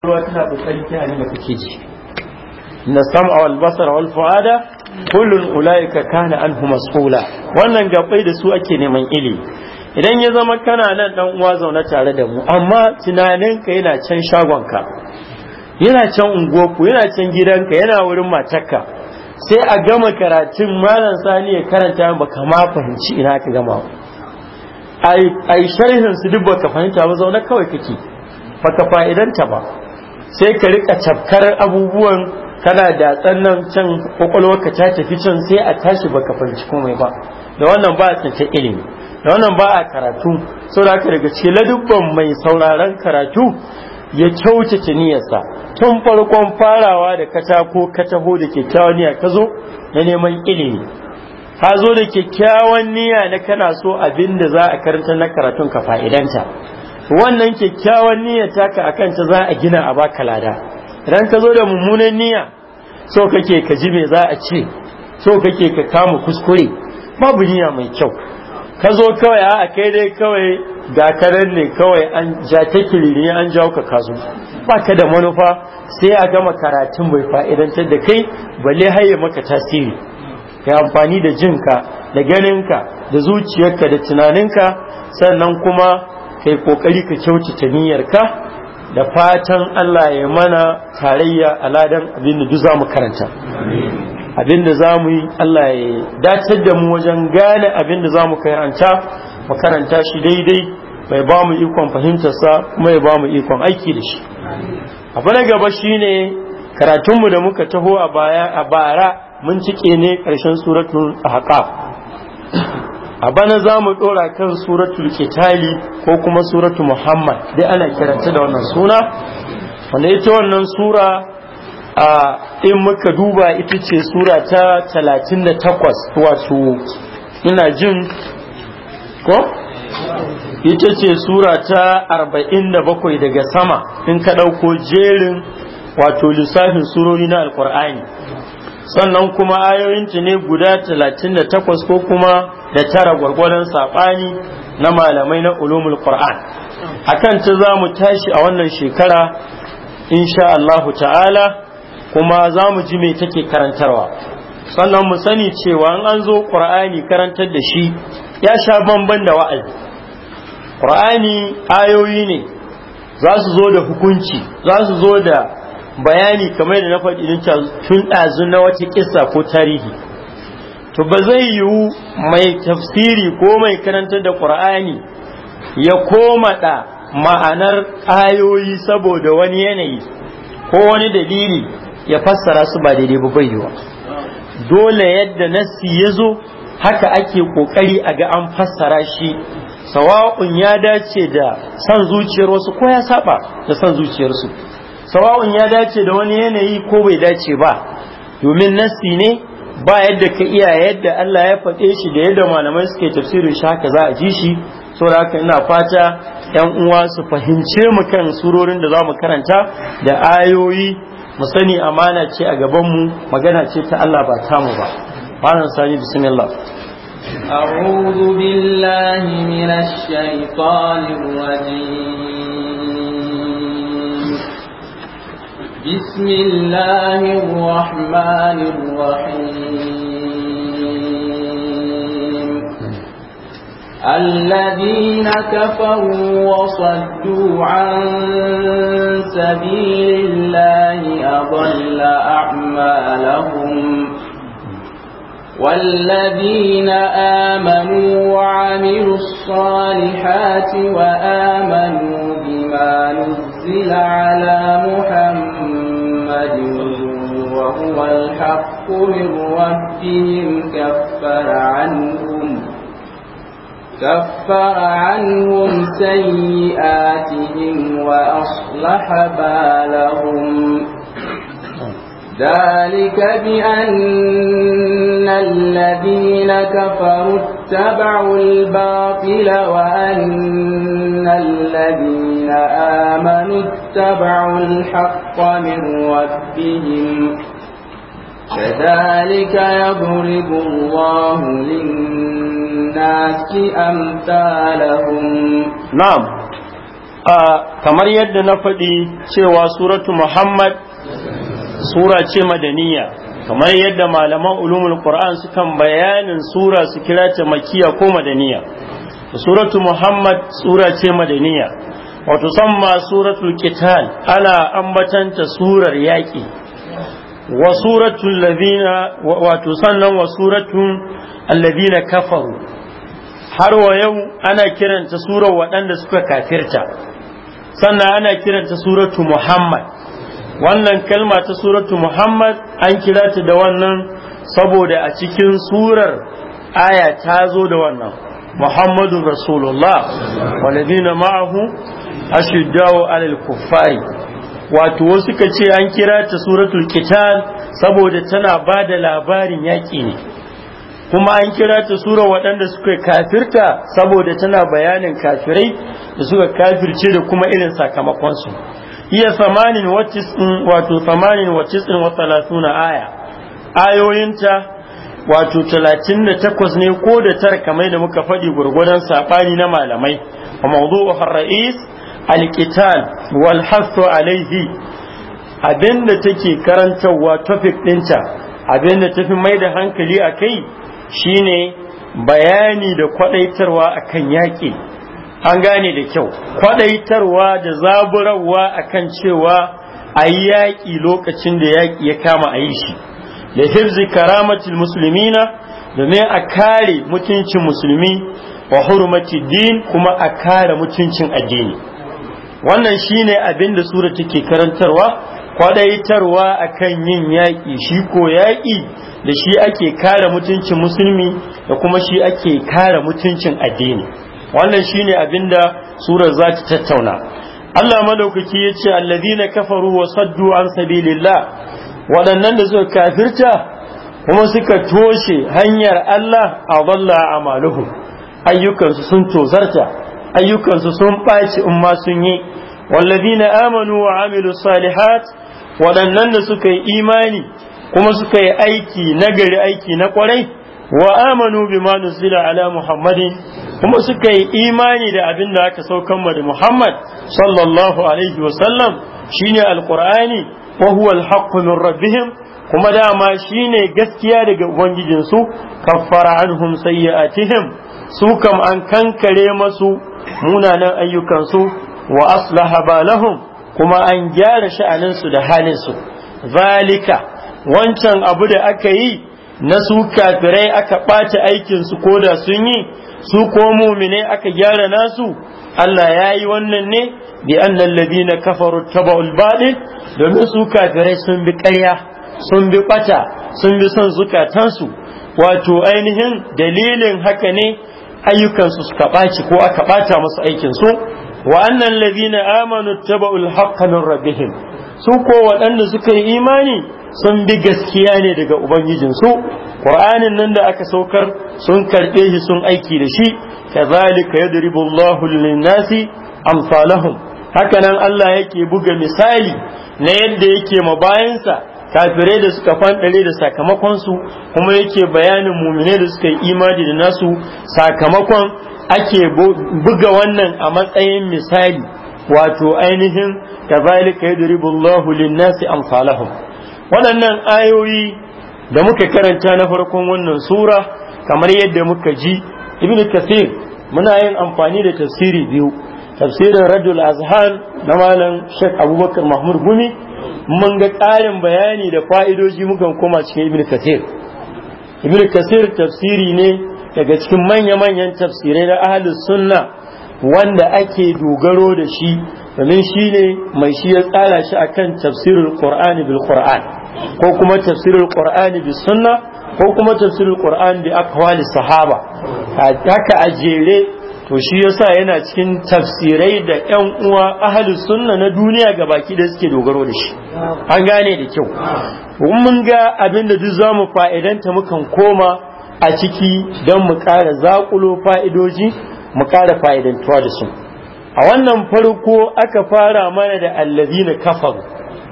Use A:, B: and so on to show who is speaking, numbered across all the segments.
A: tana kiyaye da na sam'a a basara wal fu'ada kullun ulaika kana anhu mas'ula wannan gabai da su ake neman ili. idan ya zama kana nan dan uwa zaune tare da mu amma tunaninka yana can shagonka yana can unguwarku yana can gidanka yana wurin matarka sai a gama karatun malam sani ya karanta ba kama fahimci ina ka gama ai sharhin su duk baka fahimta ba zaune kawai kake baka fa'idanta ba sai ka rika tafkar abubuwan kana da tsannan can ka ta tafi can sai a tashi baka fahimci komai ba da wannan ba a tsince ilimi da wannan ba a karatu da haka daga cikin ladubban mai sauraron karatu ya kyautata niyyarsa tun farkon farawa da katako kataho da kyakkyawan niyya ka zo na neman ilimi ka zo da kyakkyawan niyya na kana so abin da za a karanta na karatun ka fa'idanta wannan kyakkyawan niyyar taka a ta za a gina a baka lada idan ka zo da mummunan niyya so kake ka ji me za a ce so kake ka kama kuskure babu niyya mai kyau ka zo kawai a kai dai kawai gakarar ne kawai an ja ta kiriri an jawo ka kazo ba ka da manufa sai a gama karatun bai fa'idantar da kai balle haye maka tasiri ka amfani da jinka da ganinka da zuciyarka da tunaninka sannan kuma kai kokari ka kyautata niyyarka da fatan Allah ya mana tarayya a ladan abin da za mu karanta abin da mu yi Allah ya dace da mu wajen gane abin da mu karanta mu karanta shi daidai mai ba mu ikon fahimtarsa kuma ya ba mu ikon aiki da shi abu na gaba shine karatunmu da muka taho a baya a bara mun cike ne ƙarshen suratul ahqaf a bana za mu dora kan suratul kitali ko kuma suratul muhammad dai ana kiranta da wannan suna wanda ita wannan sura a in muka duba ita ce sura ta 38 wato ina jin ko ita ce sura ta 47 daga sama in ka ɗauko jerin wato lissafin surori na alkur'ani sannan kuma ayoyinta ne guda 38 ko kuma da tara gwargwadon saɓani na malamai na ulumul qur'an akan ta za mu tashi a wannan shekara insha Allahu ta'ala kuma za mu ji mai take karantarwa sannan mu sani cewa in an zo qur'ani karantar da shi ya sha bamban da wa'azi qur'ani ayoyi ne za su zo da hukunci za su zo da bayani kamar da na faɗi tun ɗazu na wata kissa ko tarihi to ba zai yiwu mai tafsiri ko mai karantar da ƙur'ani ya koma da ma'anar ayoyi saboda wani yanayi ko wani dalili ya fassara su ba daidai ba yiwa dole yadda nassi ya zo haka ake ƙoƙari a ga an fassara shi sawa'un ya dace da san zuciyar wasu ko ya saba da san zuciyarsu sawawun ya dace da wani yanayi ko bai dace ba domin nasi ne ba yadda ka iya yadda Allah ya faɗe shi da yadda malamai suke tafsirin shi haka za a ji shi saboda haka ina fata yan uwa su fahimce mu kan surorin da za mu karanta da ayoyi mu sani amana ce a gaban mu magana ce ta Allah ba ta mu ba malam sani bismillah
B: أعوذ بالله من الشيطان الرجيم بسم الله الرحمن الرحيم الذين كفروا وصدوا عن سبيل الله أضل أعمالهم والذين آمنوا وعملوا الصالحات وآمنوا بما نزل على محمد محمد وهو الحق من ربهم كفر عنهم كفر عنهم سيئاتهم وأصلح بالهم ذلك بأن الذين كفروا اتبعوا الباطل وأن الذين آمنوا اتبعوا الحق من ربهم
A: كذلك
B: يضرب الله للناس أمثالهم
A: نعم آه كما يدنا فدي سوى سورة محمد sura ce madaniya kamar yadda malaman ulumul qur'an sukan bayanin sura su kira ta makiya ko madaniya suratu muhammad sura ce madaniya wato samma suratul qital ana ambatanta surar yaƙi wa suratul ladina wato sannan wa suratul alladina kafaru har wa yau ana kiranta surar waɗanda suka kafirta sannan ana kiranta suratu muhammad wannan kalma ta suratu muhammad an kira ta da wannan saboda a cikin surar aya ta zo da wannan muhammadu rasulullah walladina ma'ahu ashidda'u alal kuffari wato wasu ka ce an kira ta suratul kitan saboda tana ba da labarin yaƙi ne kuma an kira ta sura waɗanda suka kafirta saboda tana bayanin kafirai da suka kafirce da kuma irin sakamakonsu hiya samanin wato samanin wacisin wa talatuna aya ayoyinta wato talatin da takwas ne ko da tar kamar da muka faɗi gwargwadon saɓani na malamai wa mawdu'u ra'is alqital wal hasu alaihi abinda take karantarwa topic ɗinta da tafi mai da hankali a kai shine bayani da kwadaitarwa akan yaƙi an gane da kyau kwadaitarwa da zaburarwa akan cewa a yi yaƙi lokacin da yaƙi ya kama a yi shi da hifzi karamatul musulmina domin a kare mutuncin musulmi wa hurmati din kuma a kare mutuncin addini wannan shine abin da sura take karantarwa kwadaitarwa akan yin yaƙi shi ko yaƙi da shi ake kare mutuncin musulmi da kuma shi ake kare mutuncin addini wannan shine abinda surar za ta tattauna Allah madaukaki ya ce allazina kafaru wa saddu an sabilillah waɗannan da suka kafirta kuma suka toshe hanyar Allah a balla amaluhu ayyukansu sun tozarta ayyukansu sun ɓaci in ma sun yi wallazina amanu wa amilu salihat waɗannan da suka yi imani kuma suka yi aiki na gari aiki na kwarai. wa amanu bima nuzila ala muhammadin kuma suka yi imani da abin da aka saukan da muhammad sallallahu alaihi wa sallam shine alkur'ani wa huwa alhaqqu min rabbihim kuma dama shine gaskiya daga ubangijinsu kaffara anhum sayyi'atihim su kam an kankare masu munanan ayyukansu wa aslaha balahum kuma an gyara sha'aninsu da halinsu zalika wancan abu da aka yi na su kafirai aka aikin aikinsu ko da sun yi su ko muminai aka gyara nasu Allah ya yi wannan ne bi annal ladina kafaru taba'ul baɗin domin su kafirai sun bi ƙarya sun bi ɓata sun bi son zukatansu wato ainihin dalilin haka ne ayyukansu suka ɓaci ko aka ɓata musu aikinsu wa annan na amanu taba'ul haqqa min su ko waɗanda suka yi imani sun bi gaskiya ne daga ubangijinsu ƙur'anin nan da aka saukar sun karɓe shi sun aiki da shi kazalika yadribu Allahu lin-nasi amsalahum hakanan Allah yake buga misali na yadda yake ma bayansa kafirai da suka fanɗare da sakamakon su. kuma yake bayanin muminai da suka yi imani da nasu sakamakon ake buga wannan a matsayin misali wato ainihin kazalika yadribu Allahu lin-nasi amsalahum waɗannan ayoyi da muka karanta na farkon wannan sura kamar yadda muka ji Ibn kasir muna yin amfani da tafsiri biyu tafsirin rajul azhar na malam shek abubakar mahmud gumi mun ga ƙarin bayani da fa'idoji muka koma cikin Ibn kasir Ibn kasir tafsiri ne daga cikin manya-manyan tafsirai na ahli sunna wanda ake dogaro da shi domin shi ne mai shi ya tsara shi akan tafsirul qur'ani bil qur'an ko kuma tafsirul qur'ani bil sunna ko kuma tafsirul qur'ani bi aqwali sahaba haka a jere to shi yasa yana cikin tafsirai da yan uwa ahli sunna na duniya ga baki da suke dogaro da shi an gane da kyau mun ga abin da duk zamu fa'idanta mukan koma a ciki don mu ƙara zaƙulo fa'idoji mu ƙara fa'idantuwa da su a wannan farko aka fara mana da na kafar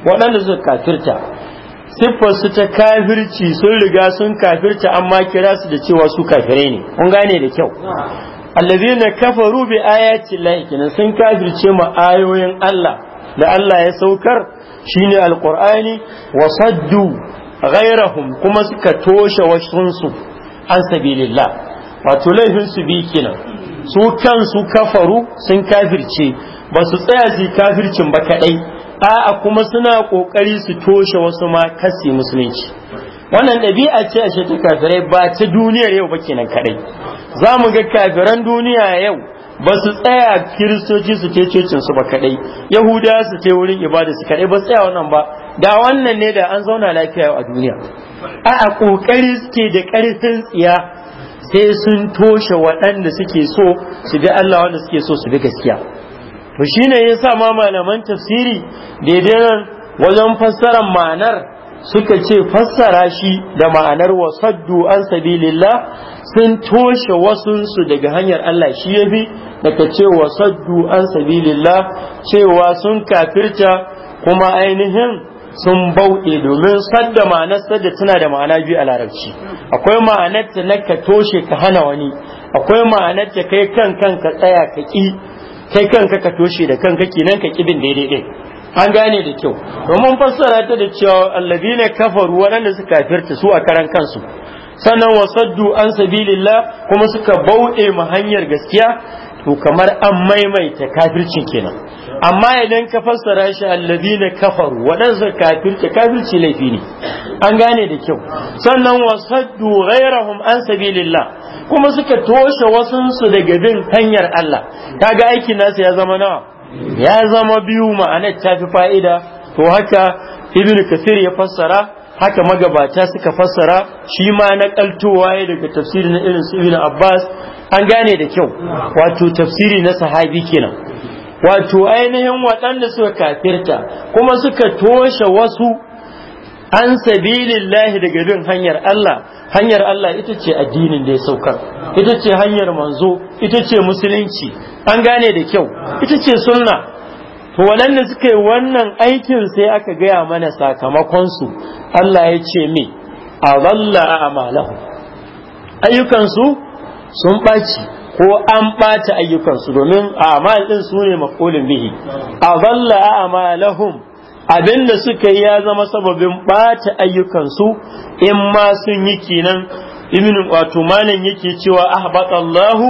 A: waɗanda suka kafirta siffar su ta kafirci sun riga sun kafirta amma kira su da cewa su kafire ne kun gane da kyau allazi na kafaru bi ayati llahi na sun kafirce ma ayoyin Allah da Allah ya saukar shine alqur'ani wa saddu ghairahum kuma suka toshe wasunsu an sabilillah wato laifin su bi kenan su kansu kafaru sun kafirce ba su tsaya su kafircin ba kadai a'a kuma suna kokari su toshe wasu ma kasi musulunci wannan ɗabi'a ce a ta kafirai ba ta duniyar yau ba kenan kadai za mu ga kafiran duniya yau ba su tsaya kiristoci su ce cocin su ba kadai yahuda su ce wurin ibada su kadai ba tsaya wannan ba da wannan ne da an zauna lafiya a duniya a a kokari suke da karfin tsiya sai sun toshe waɗanda suke so su bi Allah wanda suke so su bi gaskiya to shine sa ma malaman tafsiri daidai nan wajen fassara ma'anar suka ce fassara shi da ma'anar wasaddu an sabilillah sun toshe wasunsu daga hanyar Allah shi ya bi daga ce wasaddu an sabilillah cewa sun kafirta kuma ainihin sun bauɗe domin sadda ma'anar sadda tana da ma'ana biyu a larabci akwai ma'anar ta na ka toshe ka hana wani akwai ma'anar ta kai kan kan ka tsaya ka ki kai kanka ka toshe da kanka kenan ka kibin daidai din an gane da kyau domin fassara ta da cewa allazina kafaru waɗanda suka kafirta su a karan kansu sannan wasaddu an sabilillah kuma suka bauɗe ma hanyar gaskiya to kamar an maimaita kafircin kenan amma idan ka fassara shi na kafaru waɗansu kafirce kafirci laifi ne an gane da kyau sannan wasaddu ghairahum an sabilillah kuma suka toshe wasansu daga bin hanyar Allah kaga aikin nasu ya zama nawa ya zama biyu ma'anar ta fi fa'ida to haka ibnu kasir ya fassara haka magabata suka fassara shi ma na kaltowa ya daga tafsiri na irin su ibn Abbas an gane da kyau wato tafsiri na sahabi kenan wato ainihin waɗanda suka kafirta kuma suka toshe wasu an sabilillahi daga bin hanyar Allah hanyar Allah ita ce addinin da ya saukar ita ce hanyar manzo ita ce musulunci an gane da kyau ita ce sunna to waɗanda suka yi wannan aikin sai aka gaya mana sakamakonsu Allah ya ce me a zalla a amalahu ayyukansu sun ɓaci ko an ɓata ayyukansu domin a amal ɗin su ne maƙolin bihi a zalla a amalahum abinda suka yi ya zama sababin ɓata ayyukansu in ma sun yi kenan ibn wato malam yake cewa ahbatallahu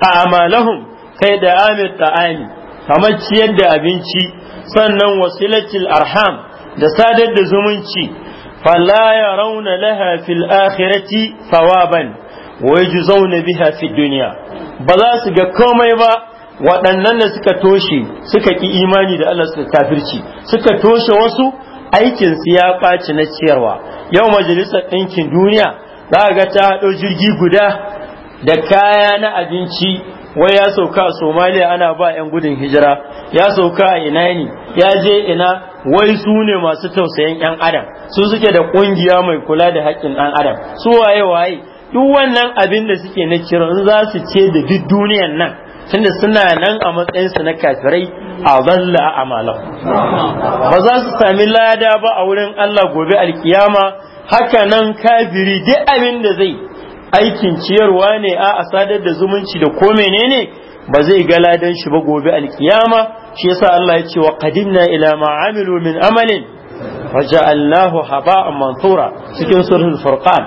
A: a amalahum kai da amir ta'ani kamar ciyar da abinci sannan wasilatil arham da sadar da zumunci fala ya rauna laha fil akhirati thawaban wa yujzauna biha fid dunya ba za su ga komai ba waɗannan da suka toshe suka ki imani da Allah suka kafirci suka toshe wasu aikin su ya ɓaci na ciyarwa yau majalisar ɗinkin duniya za ga ta haɗo jirgi guda da kaya na abinci wai ya sauka a somaliya ana ba 'yan gudun hijira ya sauka a ina ne ya je ina wai su ne masu tausayin 'yan adam su suke da kungiya mai kula da haƙƙin ɗan adam su waye waye duk wannan abin da suke na kira za su ce da duk duniyan nan tunda suna nan a matsayin su na kafirai a zalla a amalan ba za su sami lada ba a wurin Allah gobe alkiyama haka nan kafiri duk abin da zai aikin ciyarwa ne a sadar da zumunci da ko menene ba zai ga ladan shi ba gobe alkiyama shi yasa Allah ya ce wa qadimna ila ma amilu min amalin faja'alnahu haba'an mansura cikin suratul furqan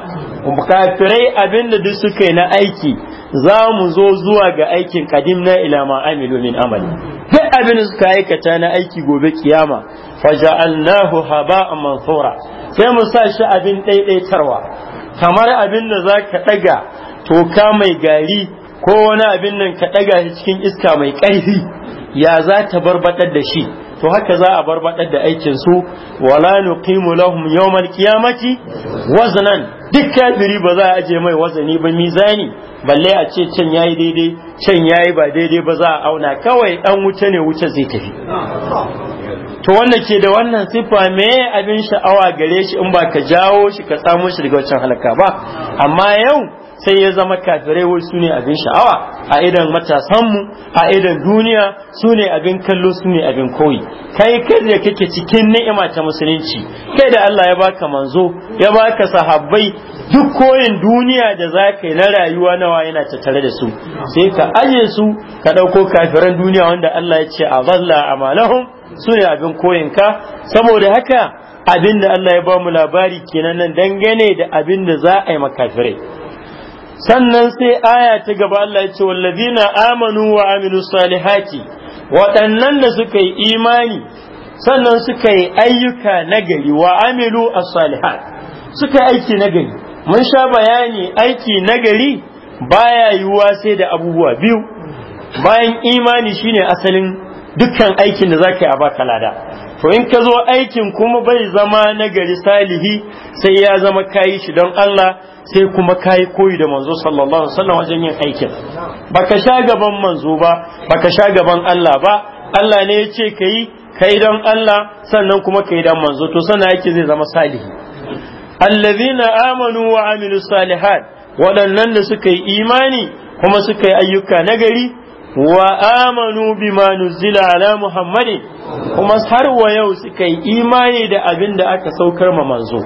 A: kafirai abinda duk suka na aiki za mu zo zuwa ga aikin qadimna ila ma amilu min amalin duk abin da suka aikata na aiki gobe kiyama faja'alnahu haba'an mansura sai mu sa shi abin daidaitarwa kamar abin da za ka ɗaga toka mai gari ko wani abin nan ka ɗaga shi cikin iska mai ƙarfi ya za ta barbaɗar da shi to haka za a baɗar da aikin su wala nuqimu lahum yawmal qiyamati waznan duk kafiri ba za a aje mai wazani ba mizani balle a ce can yayi daidai can yayi ba daidai ba za a auna kawai dan wuce ne wuce zai tafi to wanda ke da wannan sifa me abin sha'awa gare shi in ba ka jawo shi ka samo shi daga wancan halaka ba amma yau sai ya zama kafirai wai su ne abin sha'awa a idan matasanmu a idan duniya su ne abin kallo su ne abin koyi kai kai da kake cikin ni'ima ta musulunci kai da Allah ya baka manzo ya baka sahabbai duk koyin duniya da za ka yi na rayuwa nawa yana tattare da su sai ka aje su ka ɗauko kafiran duniya wanda Allah ya ce a zalla amalahum su ne abin koyinka saboda haka abin da Allah ya ba mu labari kenan nan dangane da abin da za a yi makafirai sannan sai aya ta gaba Allah ya ce wallazina amanu wa aminu salihati waɗannan da suka yi imani sannan suka yi ayyuka nagari wa amilu as-salihat suka aiki nagari mun sha bayani aiki nagari baya yiwuwa sai da abubuwa biyu bayan imani shine asalin dukkan aikin da za ka yi a baka lada to in ka zo aikin kuma bai zama na gari salihi sai ya zama kayi shi don Allah sai kuma kayi koyi da manzo sallallahu alaihi wajen yin aikin baka sha gaban manzo ba baka sha gaban Allah ba Allah ne ya ce kayi kai don Allah sannan kuma kai don manzo to sannan aiki zai zama salihi allazina amanu wa amilus salihat waɗannan da suka yi imani kuma suka yi ayyuka nagari wa amanu bima nuzila ala muhammadin kuma har wa yau suka yi imani da abin da aka saukar ma manzo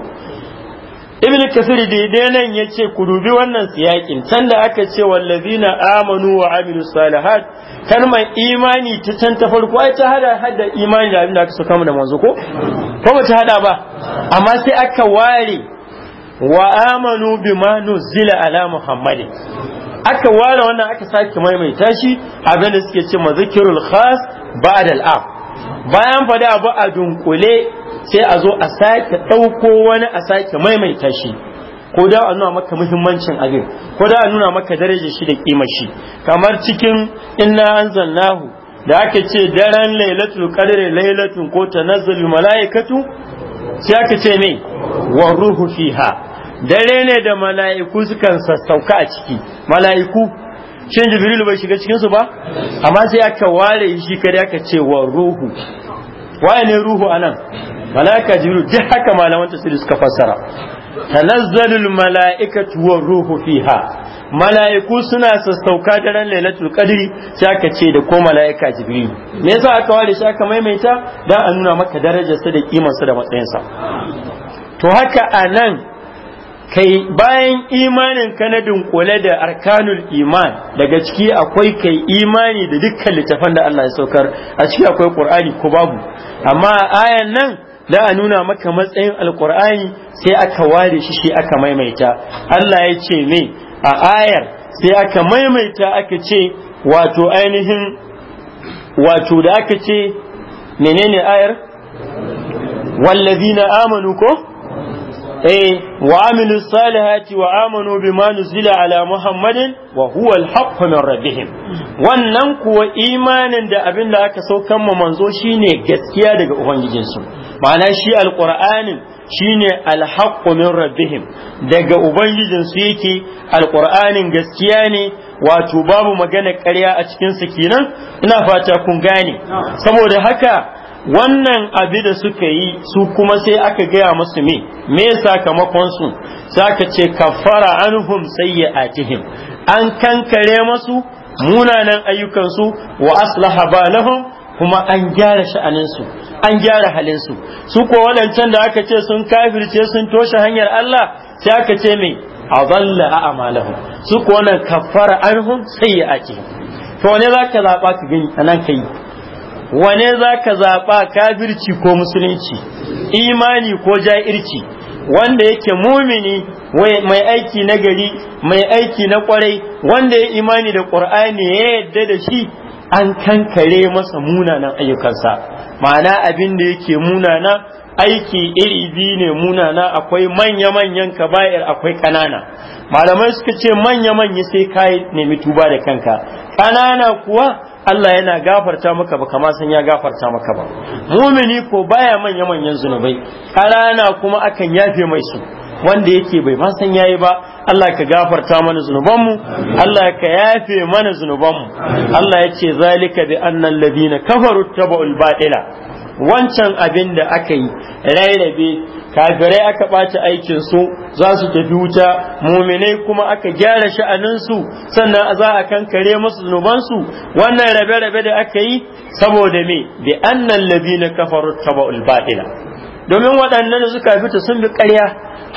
A: ibn kasir daidai nan ya ce ku dubi wannan siyakin tanda aka ce wallazina amanu wa amilu salihat mai imani ta can ta farko ai ta hada hada imani da abin da aka saukar ma da manzo ko ko ba ta hada ba amma sai aka ware wa amanu bima nuzila ala muhammadin aka ware wannan aka sake maimaita shi abin da suke ce mazikirul khas da al'am bayan fada abu a dunkule sai a zo a sake ɗauko wani a sake maimaita shi ko da a nuna maka muhimmancin abin ko da a nuna maka darajar shi da kima shi kamar cikin inna anzalnahu da aka ce daren lailatul qadr lailatun ko tanazzalul malaikatu sai aka ce ne wa ruhu fiha dare ne da mala'iku sukan sassauka a ciki mala'iku shin Jibiru bai shiga cikinsu ba amma sai aka ware shi kare aka ce wa ruhu waye ne ruhu anan mala'ika Jibiru, duk haka malaman tafsiri suka fassara tanazzalul mala'ikatu wa ruhu fiha mala'iku suna sassauka daren lailatul qadri sai aka ce da ko mala'ika jibril me yasa aka ware shi aka maimaita dan a nuna maka darajarsa da kimarsa da matsayinsa to haka anan kai bayan imanin kanadin na da arkanul iman daga ciki akwai kai imani da dukkan littafan da Allah ya saukar a ciki akwai qur'ani ko babu amma ayan nan da a nuna maka matsayin alqur'ani sai aka ware shi shi aka maimaita Allah ya ce me a ayar sai aka maimaita aka ce wato ainihin wato da aka ce menene ayar wallazina amanu ko eh wa aminu salihati wa amanu bima nuzila ala muhammadin wa huwa wannan kuwa imanin da abin da aka saukan ma manzo shine gaskiya daga su. ma'ana shi alqur'anin shine alhaq min rabbihim daga su yake alqur'anin gaskiya ne wato babu magana ƙarya a cikin sa kenan ina fata kun gane saboda haka wannan abi da suka yi su kuma sai aka gaya musu me me sakamakon su saka ce kafara anhum sayyi'atihim an kankare masu munanan ayyukansu wa aslaha balahum kuma an gyara su, an gyara halin su ko wadancan da aka ce sun kafirce sun toshe hanyar Allah sai aka ce mai azalla a amalahum su ko wannan kaffara anhum sayyi'atihim to ne zaka zaba ka gani anan kai wane za ka zaɓa kafirci ko musulunci imani ko ja'irci wanda yake mumini mai aiki na gari mai aiki na ƙwarai wanda ya imani da ƙur'ani ya yadda da shi an kankare masa munanan ayyukansa ma'ana abin da yake munana aiki iri biyu ne munana akwai manya-manyan kaba'ir akwai ƙanana malamai suka ce manya-manya sai kayi nemi tuba da kanka ƙanana kuwa Allah yana gafarta maka ba kama san ya gafarta maka ba mumini ko baya manya manyan zunubai ƙarana kuma akan yafe mai su wanda yake bai ma san yayi ba Allah ka gafarta mana zunubanmu Allah ka yafe mana zunubanmu Allah yace, ce zalika bi annal ladina kafaru ba batila wancan abin da aka yi rairabe kafirai aka ɓaci aikin su za su tafi wuta muminai kuma aka gyara sha'anin su sannan za a kankare musu zunuban su wannan rabe-rabe da aka yi saboda me bi annal ladina kafaru taba'ul ba'ila domin waɗannan da suka fita sun bi ƙarya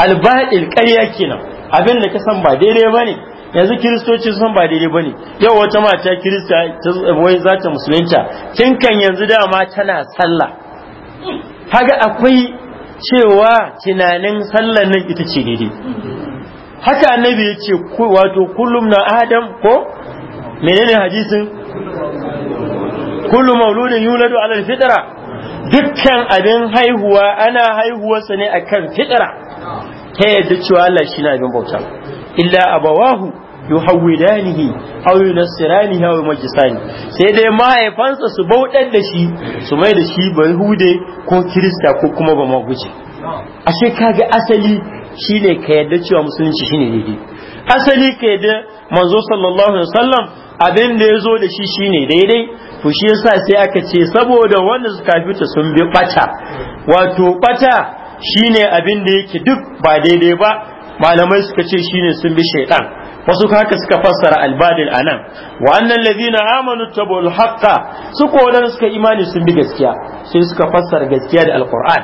A: albaɗil ƙarya kenan abin da ka san ba daidai bane yanzu kiristoci sun ba daidai bane yau wata mata kirista wai za ta musulunta kin yanzu dama tana sallah kaga akwai cewa tunanin sallar nan ita ce daidai haka annabi ya ce wato kullum na adam ko menene hadisin kullu mauludin yuladu alal fitra dukkan abin haihuwa ana haihuwarsa ne akan fitra ta yadda cewa Allah shi na abin bauta illa abawahu yuhawwidanihi aw yunassiranihi aw majisani sai dai mahaifansa su bauɗar da shi su mai da shi ba hude ko kirista ko kuma ba ma guje ashe ga asali shine ka yadda cewa musulunci shine daidai asali ka yadda manzo sallallahu alaihi wasallam abin da ya zo da shi shine daidai to shi yasa sai aka ce saboda wanda suka fita sun bi bata wato bata shine abin da yake duk ba daidai ba malamai suka ce shine sun bi shaitan wasu haka suka fassara albadil anan wa annal ladina amanu tabul haqqa su ko wadanda suka imani sun bi gaskiya sai suka fassara gaskiya da alquran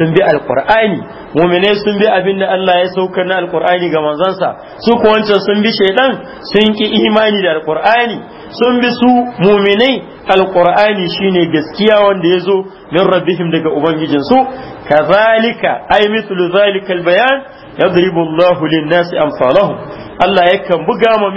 A: sun bi alqurani mu'mine sun bi abin da Allah ya saukar na alqurani ga manzansa su ko wancan sun bi shaydan sun ki imani da alqurani sun bi su muminai alqur'ani shine gaskiya wanda ya zo min rabbihim daga ubangijin su kazalika ay mithlu zalika albayan yadribu Allahu lin-nasi amsalahum Allah yakan buga ma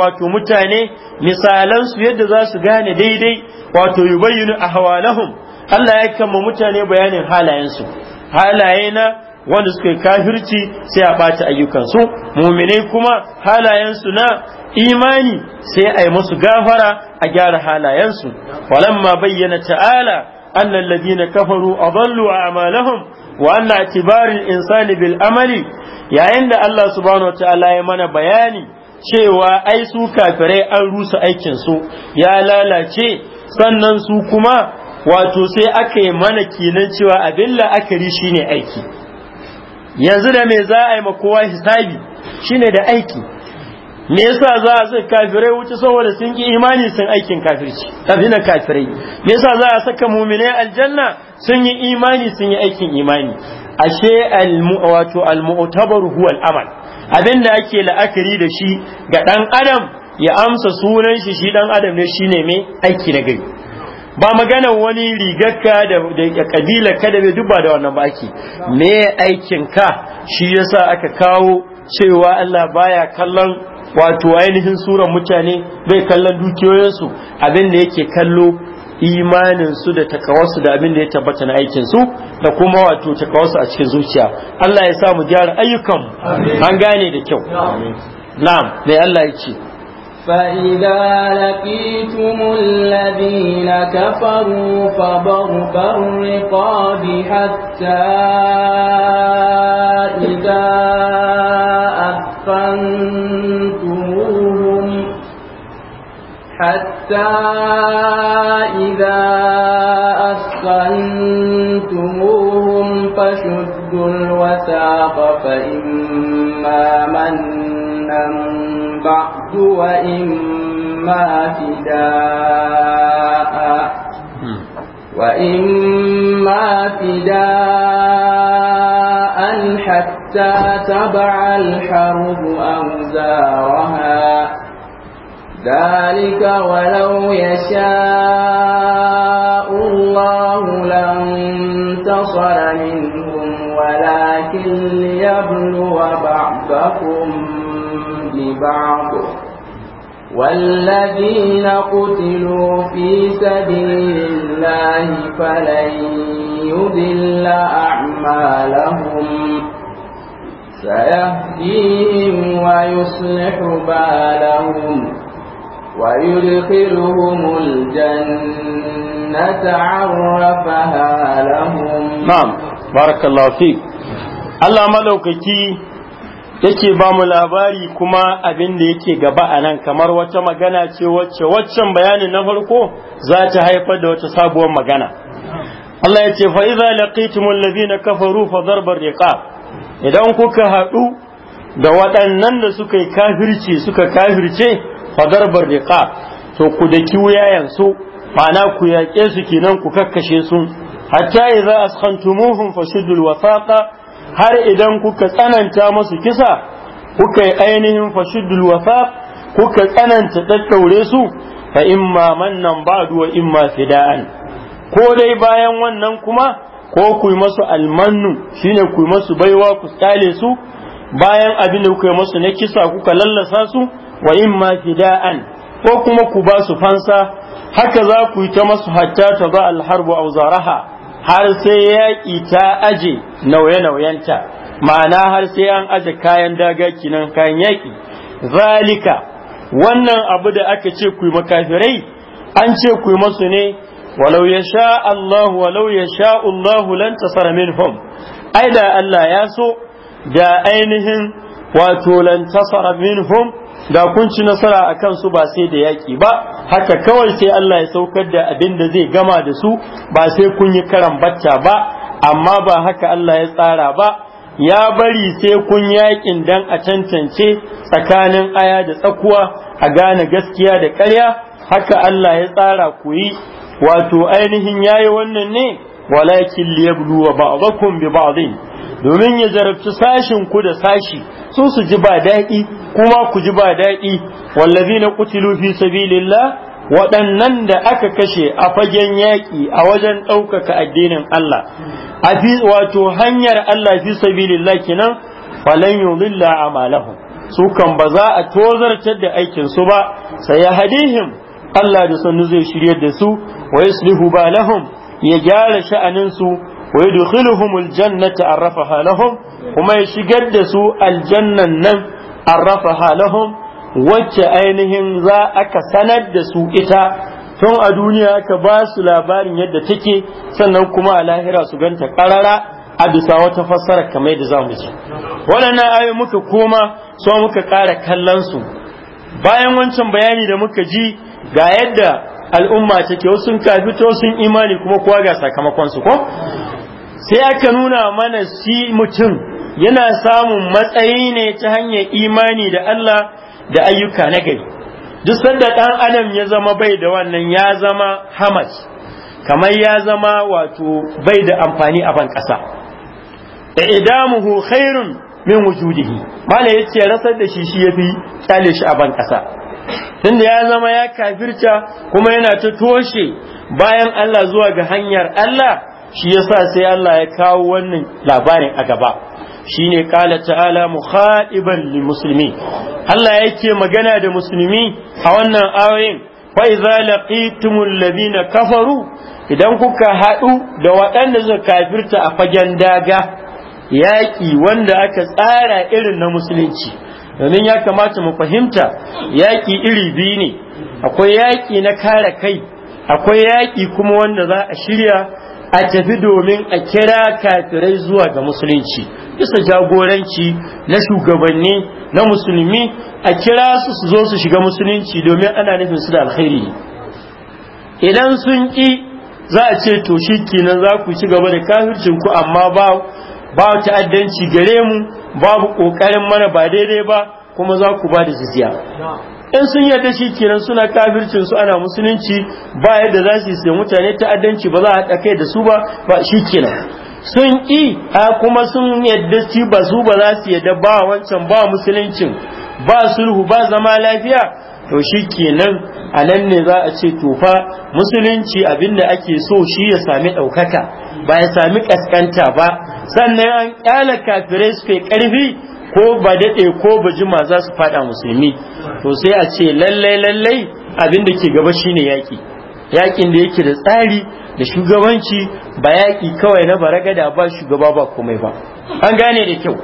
A: wato mutane misalan su yadda za su gane daidai wato yubayyinu ahwalahum Allah yakan ma mutane bayanin halayen su halaye na wanda suka yi kafirci sai a ɓata ayyukansu muminai kuma halayensu na imani sai a yi musu gafara a gyara halayensu ma bayyana ta'ala annal ladina kafaru adallu a'malahum wa anna atibaril insani bil amali yayin da Allah subhanahu wataala ya mana bayani cewa ai su kafirai an rusa aikin su ya lalace sannan su kuma wato sai aka yi mana kenan cewa abin la'akari shine aiki yanzu da me za a yi kowa hisabi shine da aiki me yasa za a saka kafirai wuce saboda sun ki imani sun aikin kafirci tafi na kafirai me yasa za a saka muminai aljanna sun yi imani sun yi aikin imani ashe wato al-mu'tabar huwa al-amal abinda ake la'akari da shi ga dan adam ya amsa sunan shi shi dan adam ne shine mai aiki na gari ba magana wani rigarka da kabila ka da bai duba da wannan baki me aikin ka shi yasa aka kawo cewa Allah baya kallon wato ainihin suran mutane bai kallon dukiyoyinsu abin da yake kallo imanin su da takawarsu da abin da ya tabbata na aikin su da kuma wato takawarsu a cikin zuciya Allah ya sa mu gyara ayyukan an gane da kyau na'am mai Allah ya ce
B: فإذا لقيتم الذين كفروا فضرب الرقاب حتى إذا أثخنتموهم حتى إذا أثخنتموهم فشدوا الوثاق فإما منا البعض وإما فداء وإما فداء حتى تبع الحرب أوزارها ذلك ولو يشاء الله لانتصر منهم ولكن ليبلو بعضكم لبعض والذين قتلوا في سبيل الله فلن يضل أعمالهم سيهديهم ويصلح بالهم ويدخلهم الجنة عرفها لهم نعم
A: بارك الله فيك الله ملوكتي yake ba mu labari kuma abin da yake gaba a nan kamar wata magana ce wacce waccan bayanin na farko za ta haifar da wata sabuwar magana Allah ya ce fa'iza laqitum ladina kafaru fa darbar riqab idan kuka haɗu da waɗannan da suka yi kafirce suka kafirce fa darbar riqab to ku daki wuyayen su ma'ana ku yaƙe su kenan ku kakkashe su hatta idza askhantumuhum fashuddul wasaqa har idan kuka tsananta masu kisa kuka yi ainihin fashidul wafa kuka tsananta daddaure su fa imma mannan ba'du wa imma fida'an ko dai bayan wannan kuma ko ku yi masu almannu shine ku yi masu baiwa ku tsale su bayan abin da kuka yi masu na kisa kuka lallasa su wa imma fida'an ko kuma ku ba su fansa haka za ku yi ta masu hatta ta ba alharbu auzaraha har sai yaƙi ta aje nauye-nauyenta ma'ana har sai an aje kayan daga kinan kayan yaƙi zalika wannan abu da aka ce ku makafirai an ce ku masu ne walau ya sha Allah walau ya sha Allah lan tasara minhum ai da Allah ya so da ainihin wato lan tasara minhum da kun ci nasara a kansu ba sai da yaƙi ba haka kawai sai Allah ya saukar da abin da zai gama da su ba sai kun yi karan bacca ba amma ba haka Allah ya tsara ba ya bari sai kun yaƙin dan a cancance tsakanin aya da tsakuwa a gane gaskiya da ƙarya haka Allah ya tsara ku yi wato ainihin yayi wannan ne walakin liyabluwa ba'dakum bi ba'din domin ya jarabci sashin ku da sashi su su ji ba daɗi kuma ku ji ba daɗi na kutilu fi sabilillah waɗannan da aka kashe a fagen yaƙi a wajen ɗaukaka addinin Allah a fi wato hanyar Allah fi sabilillah kenan falan yudilla amalahum su kan ba za a tozartar da aikin su ba sai ya hadihim Allah da sannu zai shiryar da su wa yuslihu balahum ya gyara sha'anin su wa yudkhiluhum aljannata arrafaha lahum kuma ya shigar da su aljannan nan arrafaha lahum wacce ainihin za aka sanar da su ita tun a duniya ka ba su labarin yadda take sannan kuma a lahira su ganta ƙarara? a bisa wata fassara kamar yadda za mu ji waɗannan ayoyi muka koma so muka ƙara kallon su bayan wancan bayani da muka ji ga yadda al'umma take wasu sun kafito sun imani kuma kowa ga sakamakon su ko sai aka nuna mana shi mutum yana samun matsayi ne ta hanyar imani da Allah da ayyuka na gari duk sanda dan adam ya zama bai da wannan ya zama hamas kamar ya zama wato bai da amfani a ban ƙasa da idamuhu khairun min wujudihi mala yace rasar da shi shi yafi kyale shi a ban ƙasa tunda ya zama ya kafirta kuma yana ta toshe bayan Allah zuwa ga hanyar Allah shi yasa sai Allah ya kawo wannan labarin a gaba shine kala ta'ala mukhaiban lil muslimin Allah yake magana da musulmi a wannan ayoyin fa idza laqitumul ladina kafaru idan kuka haɗu da waɗanda suka kafirta a fagen daga yaƙi wanda aka tsara irin na musulunci domin ya kamata mu fahimta yaƙi iri biyu ne akwai yaƙi na kare kai akwai yaƙi kuma wanda za a shirya a tafi domin a kira kafirai zuwa ga musulunci bisa jagoranci na shugabanni na musulmi a kira su su zo su shiga musulunci domin ana nufin su da alkhairi idan sun ƙi za a ce to shi kenan za ku ci gaba da kafircin ku amma ba babu ta'addanci gare mu babu kokarin mana ba daidai ba kuma za ku ba da jizya in sun yarda shi kenan suna kafircin su ana musulunci ba yadda za su yi mutane ta'addanci ba za a haɗa kai da su ba ba shi kenan sun ƙi a kuma sun yarda shi ba su ba za su yarda ba wancan ba musuluncin ba sulhu ba zama lafiya to shi kenan a nan ne za a ce tofa musulunci abin da ake so shi ya sami ɗaukaka ba ya sami kaskanta ba sannan an kyala kafirai su kai karfi ko ba daɗe ko ba jima za su faɗa musulmi to sai a ce lallai lallai abin da ke gaba shine yaƙi yaƙin da yake da tsari da shugabanci ba yaƙi kawai na baragada ba shugaba ba komai ba an gane da kyau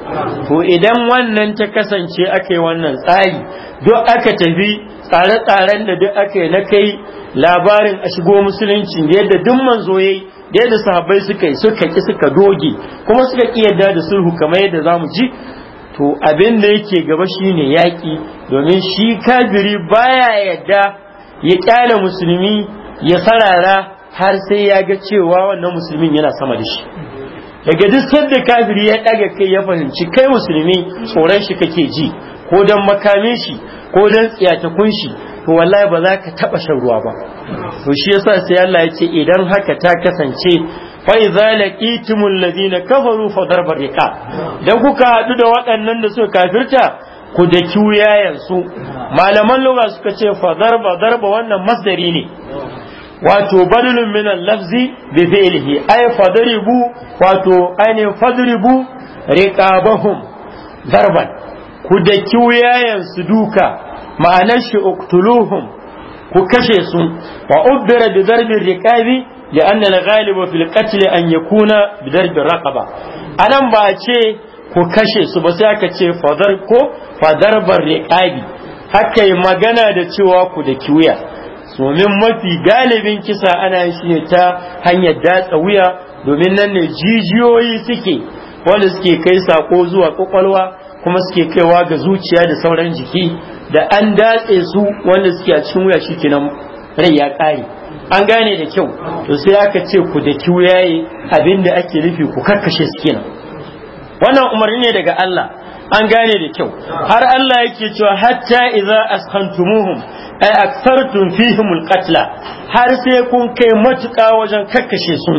A: to idan wannan ta kasance aka yi wannan tsari duk aka tafi tsare-tsaren da duk aka yi na kai labarin a shigo musuluncin yadda duk manzo yayi da yadda sahabbai suka yi suka ki suka doge kuma suka ki yadda da sulhu kamar yadda zamu ji to abin da yake gaba shine yaƙi domin shi kafiri baya yadda ya kyale musulmi ya sarara har sai ya ga cewa wannan musulmin yana sama da shi daga duk sanda kafiri ya ɗaga kai ya fahimci kai musulmi tsoron shi kake ji ko don makamin shi ko don tsiyata shi to wallahi ba za ka taɓa shan ruwa ba to shi yasa sai Allah ya ce idan haka ta kasance fa idza laqitumul ladina kafaru fa darbar riqa dan kuka haɗu da waɗannan da suka kafirta ku da kiwayayen su malaman lugha suka ce fa darba darba wannan masdari ne wato badalun min al-lafzi bi fi'lihi ay fadribu wato ainin fadribu riqabahum darban ku daki su duka ma'anar shi uktuluhum ku kashe su wa ubbira bi darbin riqabi li anna al-ghalibu fil qatl an yakuna bi darbin raqaba anan ba ce ku kashe su ba sai aka ce fadar ko bar riqabi haka yi magana da cewa ku daki wuya domin mafi galibin kisa ana shi ne ta hanyar datsa wuya domin nan ne jijiyoyi suke wanda suke kai sako zuwa kwakwalwa kuma suke kaiwa ga zuciya da sauran jiki da an datse su wanda suke a cikin wuya shi kenan rai ya kare an gane da kyau to sai aka ce ku da wuyaye abinda ake rufe ku karkashe su kenan wannan umarni ne daga Allah an gane da kyau har Allah yake cewa hatta idza askantumuhum ay aktsartum fihim alqatla har sai kun kai matuka wajen karkashe su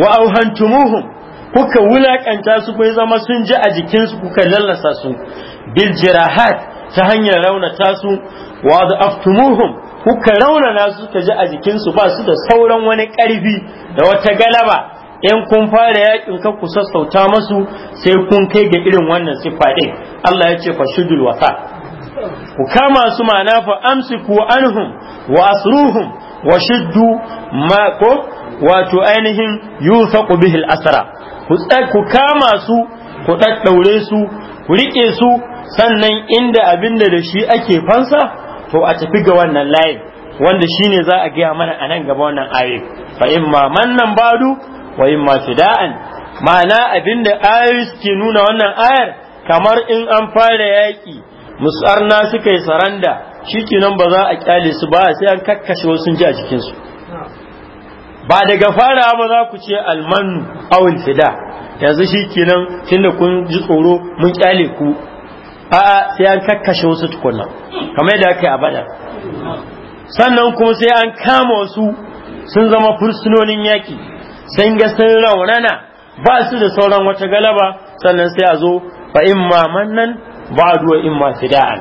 A: wa auhantumuhum kuka wulakanta su kai zama sun ji a jikinsu kuka lallasa su bil jirahat ta hanyar raunata su wa da aftumuhum kuka raunana su ka ji a jikinsu ba su da sauran wani ƙarfi da wata galaba in kun fara yakin ka ku sassauta masu sai kun kai ga irin wannan siffa din Allah ya ce fa shudul wasa ku kama su ma'ana fa amsiku anhum wa asruhum wa shiddu ma ko wato ainihin yusaqu bihil asra ku kama su ku ɗaɗɗaure su ku riƙe su sannan inda abin da da shi ake fansa to a tafi ga wannan layin wanda shi ne za a gaya mana a nan gaba wannan aye fa ma mannan badu wa ma fida'an ma'ana abin da ayoyi suke nuna wannan ayar kamar in an fara yaƙi musarna suka yi saranda shi kenan ba za a kyale su ba sai an kakkashe wasu ji a su ba daga fara ba za ku ce almanu awil fida yanzu shi kenan tunda kun ji tsoro mun kyale ku a'a sai an kakkashe wasu tukuna kamar yadda aka yi a bada sannan kuma sai an kama wasu sun zama fursunonin yaƙi sun ga sun raunana ba su da sauran wata galaba sannan sai a zo fa in ma mannan ba duwa in ma fida'an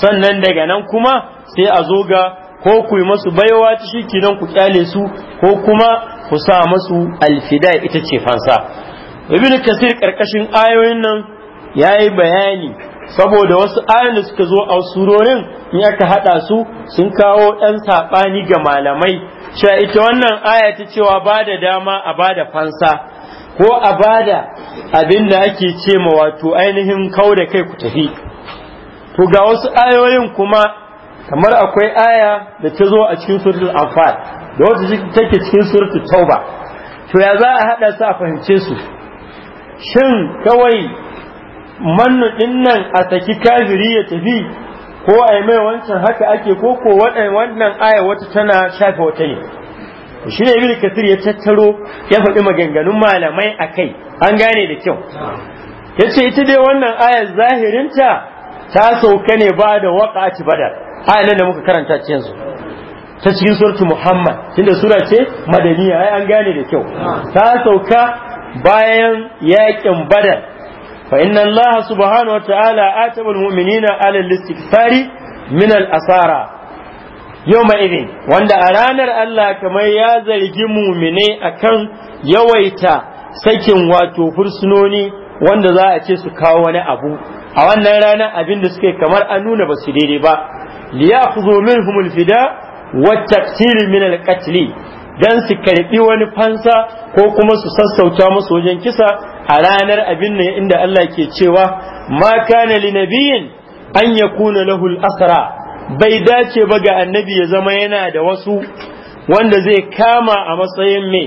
A: sannan daga nan kuma sai a zo ga ko ku yi masu baiwa ta shi kenan ku kyale su ko kuma ku sa masu alfida ita ce fansa ibn kasir karkashin ayoyin nan yayi bayani saboda wasu ayoyin da suka zo a surorin in aka hada su sun kawo ɗan sabani ga malamai cewa ita wannan aya ta cewa ba da dama a ba da fansa ko a ba da abin da ake ce ma wato ainihin kau da kai ku tafi to ga wasu ayoyin kuma kamar akwai aya da ta zo a cikin suratul anfal da wata take cikin suratul tauba to ya za a hada su a fahimce su shin kawai mannu din nan a saki kafiri ya tafi ko a yi mai wancan haka ake ko ko wannan aya wata tana shafe wata ne shi ne ibn kasir ya tattaro ya faɗi maganganun malamai a kai an gane da kyau ya ce ita dai wannan ayar zahirinta ta sauka ne ba da waƙa ci badar aya nan da muka karanta ce yanzu ta cikin suratu muhammad tunda sura ce madaniya ai an gane da kyau ta sauka bayan yakin badar fa inna allaha subhanahu wa ta'ala atabul mu'minina ala al min al-asara yau idin wanda a ranar Allah kamar ya zargi mumine akan yawaita sakin wato fursunoni wanda za a ce su kawo wani abu a wannan ranar abin da suke kamar an nuna ba su daidai ba liyakhudhu minhum alfida wa taqtil min alqatl dan su karbi wani fansa ko kuma su sassauta musu wajen kisa a ranar abin ne inda Allah ke cewa ma kana linabiyin an yakuna lahu al-asra bai dace ba ga annabi ya zama yana da wasu wanda zai kama a matsayin mai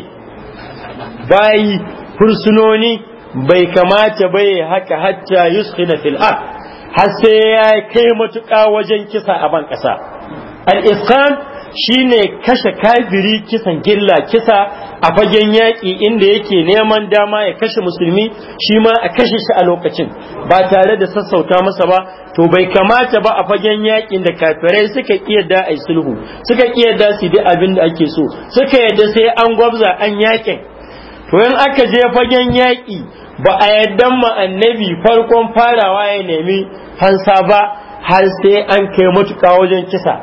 A: bayi fursunoni bai kamata bai haka hatta yuskhina fil ard har sai ya kai matuƙa wajen kisa a ban ƙasa al shi shine kashe kafiri kisan gilla kisa a fagen yaƙi inda yake neman dama ya kashe musulmi shi ma a kashe shi a lokacin ba tare da sassauta masa ba to bai kamata ba a fagen yaƙin da kafirai suka da a sulhu suka iya da su bi abin da ake so suka yadda sai an gwabza an yaƙin to in aka je fagen yaƙi ba a yadda ma annabi farkon farawa ya nemi hansa ba har sai an kai matuƙa wajen kisa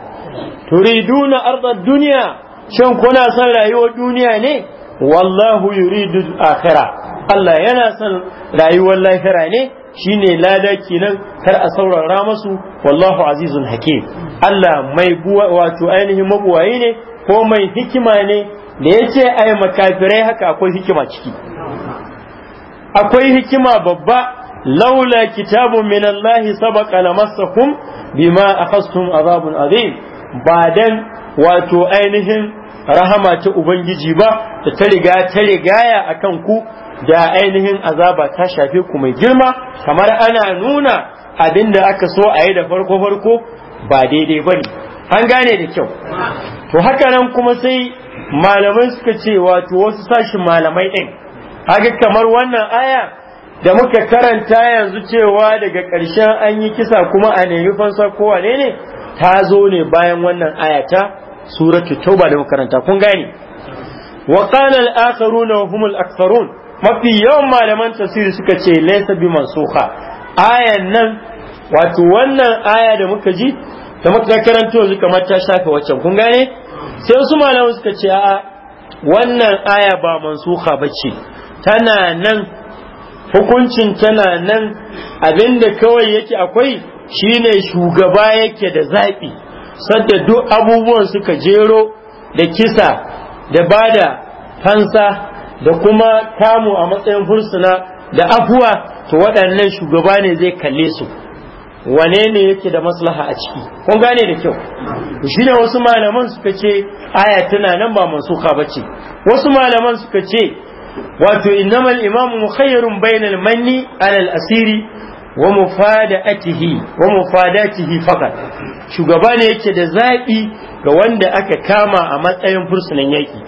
A: turiduna arda duniya shin kuna son rayuwar duniya ne wallahu yuridu akhirah Allah yana son rayuwar lahira ne shine lada kenan kar a saurara masu wallahu azizun hakim Allah mai wato ainihin mabuwayi ne ko mai hikima ne da ya ce ai makafirai haka akwai hikima ciki akwai hikima babba laula kitabu min Allah sabaqa lamassakum bima akhastum azabun azim ba dan wato ainihin rahama ta ubangiji ba da ta riga ta rigaya akan ku da ainihin azaba ta shafe ku mai girma kamar ana nuna abin da aka so a yi da farko farko ba daidai bane an gane da kyau to haka nan kuma sai malamai suka ce wato wasu sashin malamai ɗin haka kamar wannan aya da muka karanta yanzu cewa daga ƙarshen an yi kisa kuma a nemi fansa kowa ne ne ta zo ne bayan wannan aya ta suratu tauba da muka karanta kun gane wa qala al-akharuna wa humul aktharun mafi yawan malaman tafsiri suka ce laysa bi mansukha ayan nan wato wannan aya da muka ji da muka karanta yanzu kamar ta shafe waccan kun gane sai wasu malaman suka ce a wannan aya ba mansuha ba ce tana nan hukuncin tana nan abinda kawai yake akwai shine shugaba yake da zaɓi sadda duk abubuwan suka jero da kisa da bada fansa da kuma kamu a matsayin fursuna da afuwa to waɗannan shugaba ne zai kalle su wane ne yake da maslaha a ciki kun gane da kyau shi ne wasu malaman suka ce aya tana nan ba mansuka ba ce wasu malaman suka ce wato innamal imamu mukhayyarun bainal manni alal asiri wa mufadatihi wa mufadatihi fakat shugaba ne yake da zaɓi ga wanda aka kama a matsayin fursunan yaki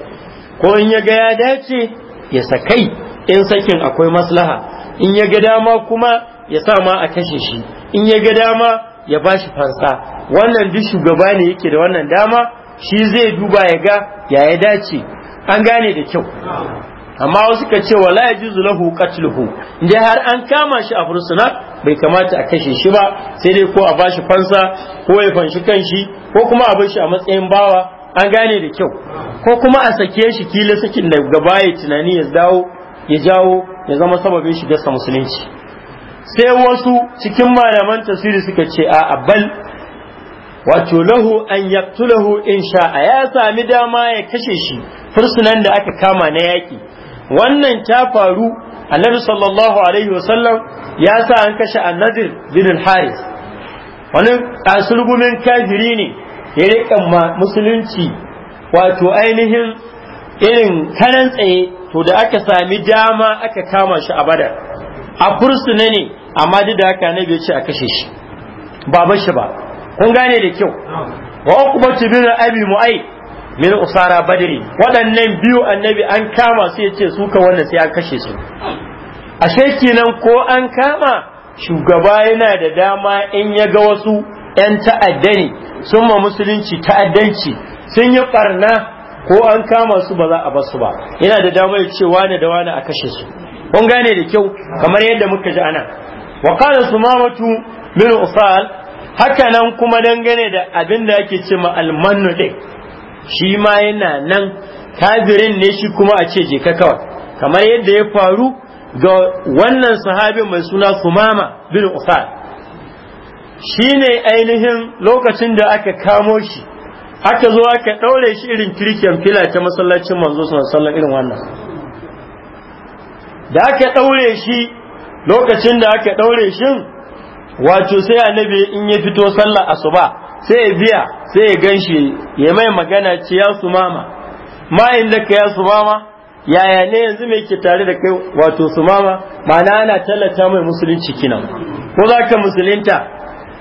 A: ko in ya ga ya dace ya sakai in sakin akwai maslaha in ya ga dama kuma ya sa ma a kashe shi in ya ga dama ya ba shi fansa wannan duk shugaba ne yake da wannan dama shi zai duba ya ga ya ya dace an gane da kyau amma wasu ka ce wala ya juzu lahu qatluhu inda har an kama shi a fursuna bai kamata a kashe shi ba sai dai ko a ba shi fansa ko ya fanshi kanshi ko kuma a bar shi a matsayin bawa an gane da kyau ko kuma a sake shi kila sakin da gaba ya tunani ya dawo ya jawo ya zama sababin sa musulunci sai wasu cikin malaman tasiri suka ce a abal. wato lahu an yaqtulahu in sha'a ya sami dama ya kashe shi fursunan da aka kama na yaki wannan ta faru annabi sallallahu alaihi wasallam ya sa an kashe a bin al-haris wani kasurgumin kafiri ne ya riƙa musulunci wato ainihin irin kanan tsaye to da aka sami dama aka kama shi a badar a fursuna ne amma duk da haka ne ya ce a kashe shi ba bashi ba kun gane da kyau wa uqbatu bin abi mu'ai min usara badri waɗannan biyu annabi an kama su yace su ka wannan sai an kashe su ashe kenan ko an kama shugaba yana da dama in ya ga wasu 'yan ta'adda ne sun ma musulunci ta'addanci sun yi ɓarna, ko an kama su ba za a basu ba yana da dama ya ce wane da wane a kashe su kun gane da kyau kamar yadda muka ji ana wa qala sumamatu bin usal haka nan kuma dangane da abin da ake cewa ma din shi ma yana nan kafirin ne shi kuma a ce je ka kawai kamar yadda ya faru ga wannan sahabi mai suna sumama bin usal shi ne ainihin lokacin da aka kamo shi aka zo aka ɗaure shi irin kirkiyar fila ta masallacin manzo sallallahu irin wannan da aka ɗaure shi lokacin da aka ɗaure shi wato sai annabi in ya fito sallar asuba sai ya biya sai ya ganshi ya mai magana ce ya su mama ma inda ka ya su mama yaya ne yanzu mai ke tare da kai wato su mama ma'ana ana tallata mai musulunci kinan ko za ka musulunta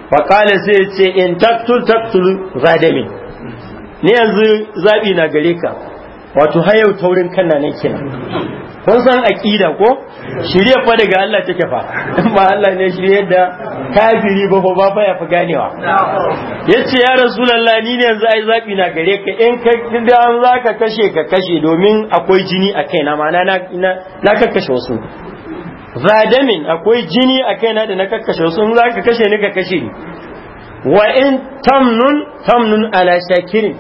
A: faƙala sai ya ce in taktul taktul zadami ne yanzu zaɓi na gare ka wato hayau taurin kanna ne kina. kun san aqida ko shirye fa daga Allah take fa ba Allah ne shirye da kafiri ba ba fa ya fi ganewa yace ya rasulullah ni ne yanzu ai zabi na gare ka in ka dan zaka kashe ka kashe domin akwai jini a kai na mana na na kakkashe wasu zadamin akwai jini a kai na da na kakkashe wasu in zaka kashe ni ka kashe ni wa in tamnun tamnun ala shakirin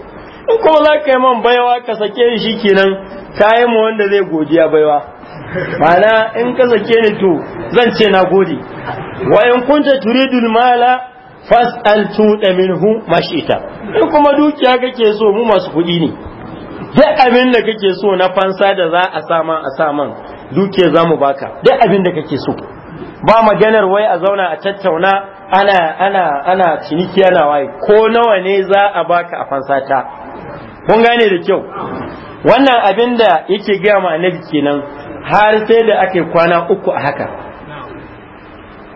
A: in kuma za ka yi man baiwa ka sake ni shi kenan ka yi mu wanda zai godiya baiwa mana in ka sake ni to zan ce na gode wa in kunta turidul mala fas'al da minhu mashita in kuma dukiya kake so mu masu kuɗi ne duk abin da kake so na fansa da za a sama a saman dukiya za mu baka duk abin da kake so ba maganar wai a zauna a tattauna ana ana ana ciniki ana wai ko nawa ne za a baka a fansata kun gane da kyau wannan abin da yake gaya ma annabi kenan har sai da ake kwana uku a haka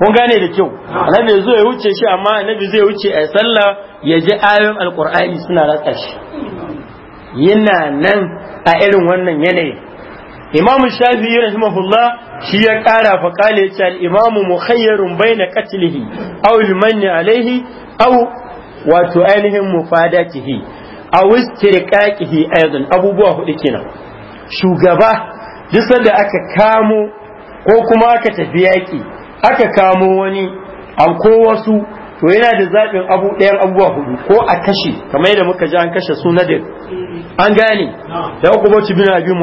A: kun gane da kyau annabi ya zo ya wuce shi amma annabi zai wuce a sallah ya ji ayoyin alkur'ani suna ratsa shi yana nan a irin wannan yanayi imam shafi'i rahimahullah shi ya kara fa kale yace al imamu mukhayyarun baina qatlihi aw al manni alaihi aw wato ainihin mufadatihi aw istirqaqihi aidan abubuwa hudu kenan shugaba duk sanda aka kamo ko kuma aka tafi yaki aka kamo wani an ko wasu to yana da zaɓin abu ɗayan abubuwa hudu ko a kashe kamar yadda muka ji an kashe su nadir an gane da kuma ci bin abi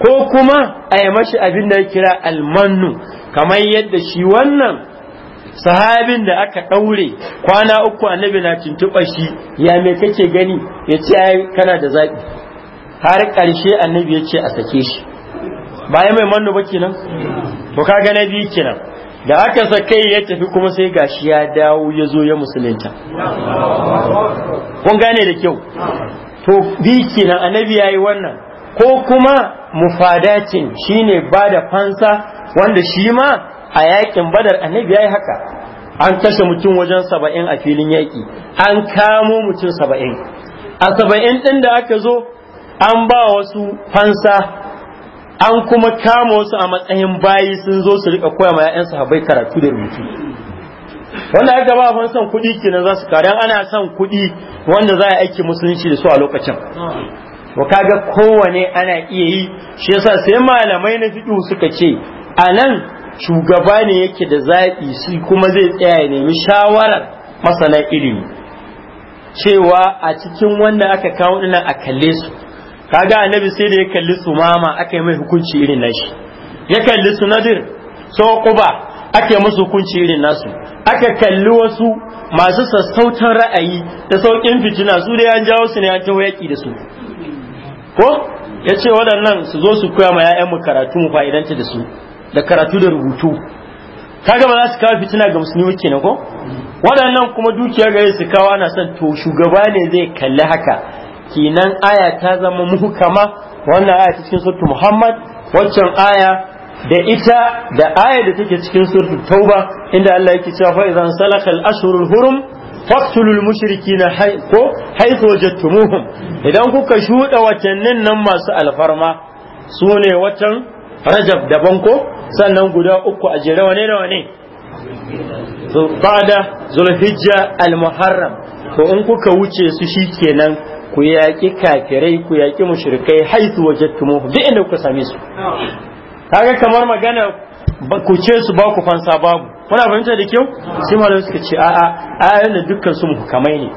A: ko kuma a yi mashi abin da ya kira almanu kamar yadda shi wannan sahabin da aka ɗaure kwana uku annabi na tuntuɓa shi ya me kake gani ya ce ai kana da zaɓi har ƙarshe annabi ya ce a sake shi bayan mai manu ba kenan to ka na biyu kenan da aka sake ya tafi kuma sai gashi ya dawo ya zo ya musulunta kun gane da kyau to biyu kenan annabi ya yi wannan ko kuma mufadacin shine ba da fansa wanda shi ma a yakin badar annabi ya yi haka an kashe mutum wajen saba'in a filin yaƙi an kamo mutum saba'in a saba'in ɗin da aka zo an ba wasu fansa an kuma kama wasu a matsayin bayi sun zo su rika koya ma 'ya'yan sahabbai karatu da rubutu wanda aka ba ban son kuɗi kenan za su kare ana son kuɗi wanda za a aiki musulunci da su a lokacin to kaga kowane ana iya yi shi yasa sai malamai na fiƙi suka ce a nan shugaba ne yake da zaɓi shi kuma zai tsaya ya nemi shawarar masana ilimi cewa a cikin wanda aka kawo dinan a kalle su kaga annabi sai da ya kalli su mama aka yi mai hukunci irin nashi ya kalli su nadir so kuba ake musu hukunci irin nasu aka kalli wasu masu sassautan ra'ayi da sauƙin fitina su dai an jawo su ne an taho yaki da su ko ya ce waɗannan su zo su koya ma 'ya'yanmu karatu mu fa'idanci da su da karatu da rubutu kaga ba za su kawo fitina ga musulmi na ko waɗannan kuma dukiyar gare su kawo ana son to shugaba ne zai kalli haka kinan aya ta zama muhukama wannan aya ta cikin surtu muhammad waccan aya da ita da aya da take cikin surtu tauba inda Allah yake cewa fa salakal ashurul ashhurul hurum faktulul mushrikina na ko haitho jattumuhum idan kuka shuɗa watannin nan masu alfarma su ne watan rajab daban ko sannan guda uku a jere wane nawa ne bada zulhijja almuharram to in kuka wuce su shikenan ku yaƙi kafirai ku yaƙi mushrikai haythu wajadtumuhum duk inda kuka same su kaga kamar magana ku ce su ba ku fansa babu muna fahimta da kyau sai malamai suka ce a'a ayoyin da dukkan su kamai ne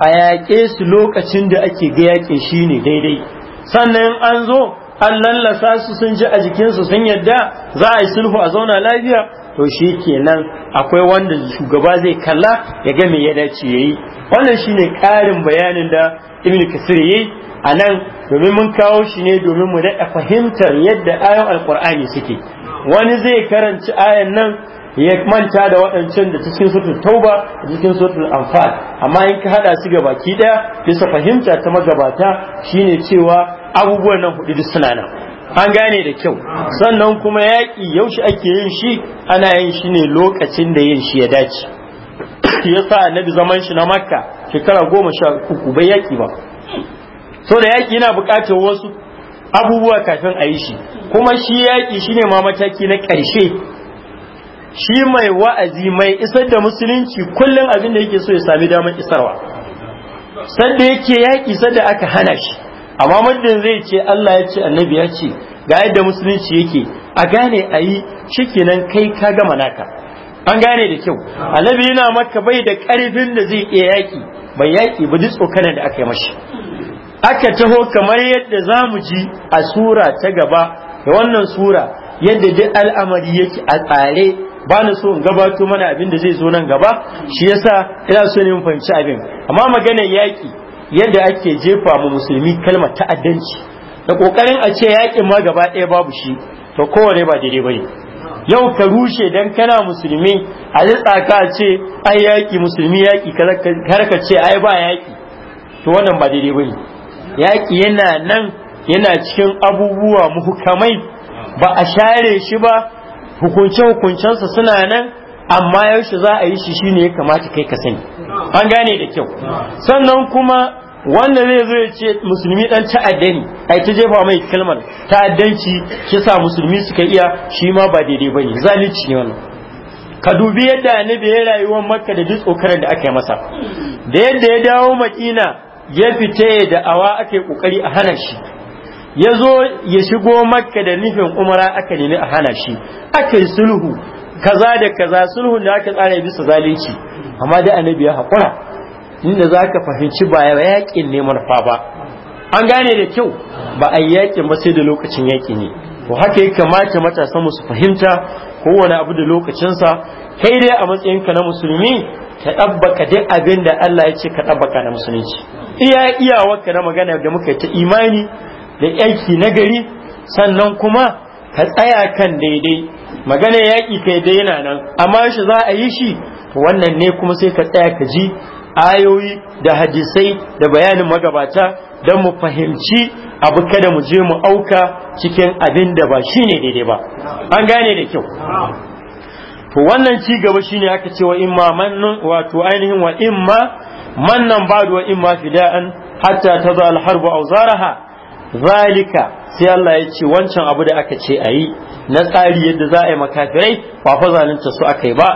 A: a yaƙe su lokacin da ake ga yaƙin shi ne daidai sannan an zo an lallasa su sun ji a jikinsu sun yadda za a yi sulhu a zauna lafiya to shi kenan akwai wanda shugaba zai kalla ya ga me ya dace ya yi wannan shine ƙarin bayanin da ibn kasir yi a nan domin mun kawo shi ne domin mu daɗa fahimtar yadda ayon alƙur'ani suke wani zai karanci ayan nan ya manta da waɗancan da cikin sutul tauba da cikin sutul anfal amma in ka hada su ki daya bisa fahimta ta magabata shine cewa abubuwan nan hudu suna nan an gane da kyau sannan kuma yaƙi yaushe ake yin shi ana yin shi ne lokacin da yin shi ya dace ya sa annabi zaman shi na makka shekara goma sha uku bai yaƙi ba so da yaƙi yana buƙatar wasu abubuwa kafin a yi shi kuma shi yaƙi shine ma mataki na ƙarshe shi mai wa'azi mai isar da musulunci kullum abin da yake so ya sami damar isarwa sanda yake yaƙi sadda aka hana shi amma muddin zai ce Allah ya ce annabi ya ce ga yadda musulunci yake a gane a yi nan kai ka gama naka an gane da kyau annabi yana maka bai da karfin da zai iya yaƙi bai yaƙi ba duk tsokanar da aka yi mashi aka taho kamar yadda za mu ji a sura ta gaba da wannan sura yadda duk al'amari yake a tsare ba na so in gabato mana abin da zai zo nan gaba shi yasa ina so ne mu fahimci abin amma magana yaƙi yadda ake jefa mu musulmi kalmar ta'addanci da kokarin a ce yaƙin ma gaba ɗaya babu shi to kowane ba daidai bane yau ka rushe dan kana musulmi a tsaka a ce ai yaƙi musulmi yaki kar ka ce ai ba yaƙi to wannan ba daidai bane yaƙi yana nan yana cikin abubuwa muhukamai ba a share shi ba hukunce-hukuncensa suna nan amma yaushe za a yi shi shine ya kamata kai ka sani an gane da kyau sannan kuma wanda zai zo ya ce musulmi dan ta'adda ne ai ta jefa mai kalmar ta'addanci shi sa musulmi suka iya shi ma ba daidai bane zalunci ne wannan ka dubi yadda annabi ya rayuwar makka da duk tsokarar da aka yi masa da yadda ya dawo maƙina ya fita da awa aka yi kokari a hana shi ya zo ya shigo makka da nufin umara aka nemi a hana shi aka yi sulhu kaza da kaza sulhu da aka tsara bisa zalunci amma da annabi ya haƙura inda za ka fahimci ba yaƙin ne fa ba an gane da kyau ba a yaƙin ba sai da lokacin yaƙi ne to haka ya kamata matasan musu su fahimta kowane abu da lokacinsa kai dai a matsayinka na musulmi ka ɗabbaka duk abin da Allah ya ce ka ɗabbaka na musulunci iya iyawarka na magana da muka ta imani da aiki na gari sannan kuma ka tsaya kan daidai magana yaƙi kai dai yana nan amma shi za a yi shi wannan ne kuma sai ka tsaya ka ji ayoyi da hadisai da bayanin magabata don mu fahimci abu kada mu je mu auka cikin abin da ba shi ne daidai ba an gane da kyau to wannan ci gaba shine aka ce wa imma mannun wato ainihin wa imma mannan da wa imma fida'an hatta ta taza al a zaraha zalika sai Allah ya ce wancan abu da aka ce a yi na tsari yadda za a yi makafirai ba fa zalunta su aka yi ba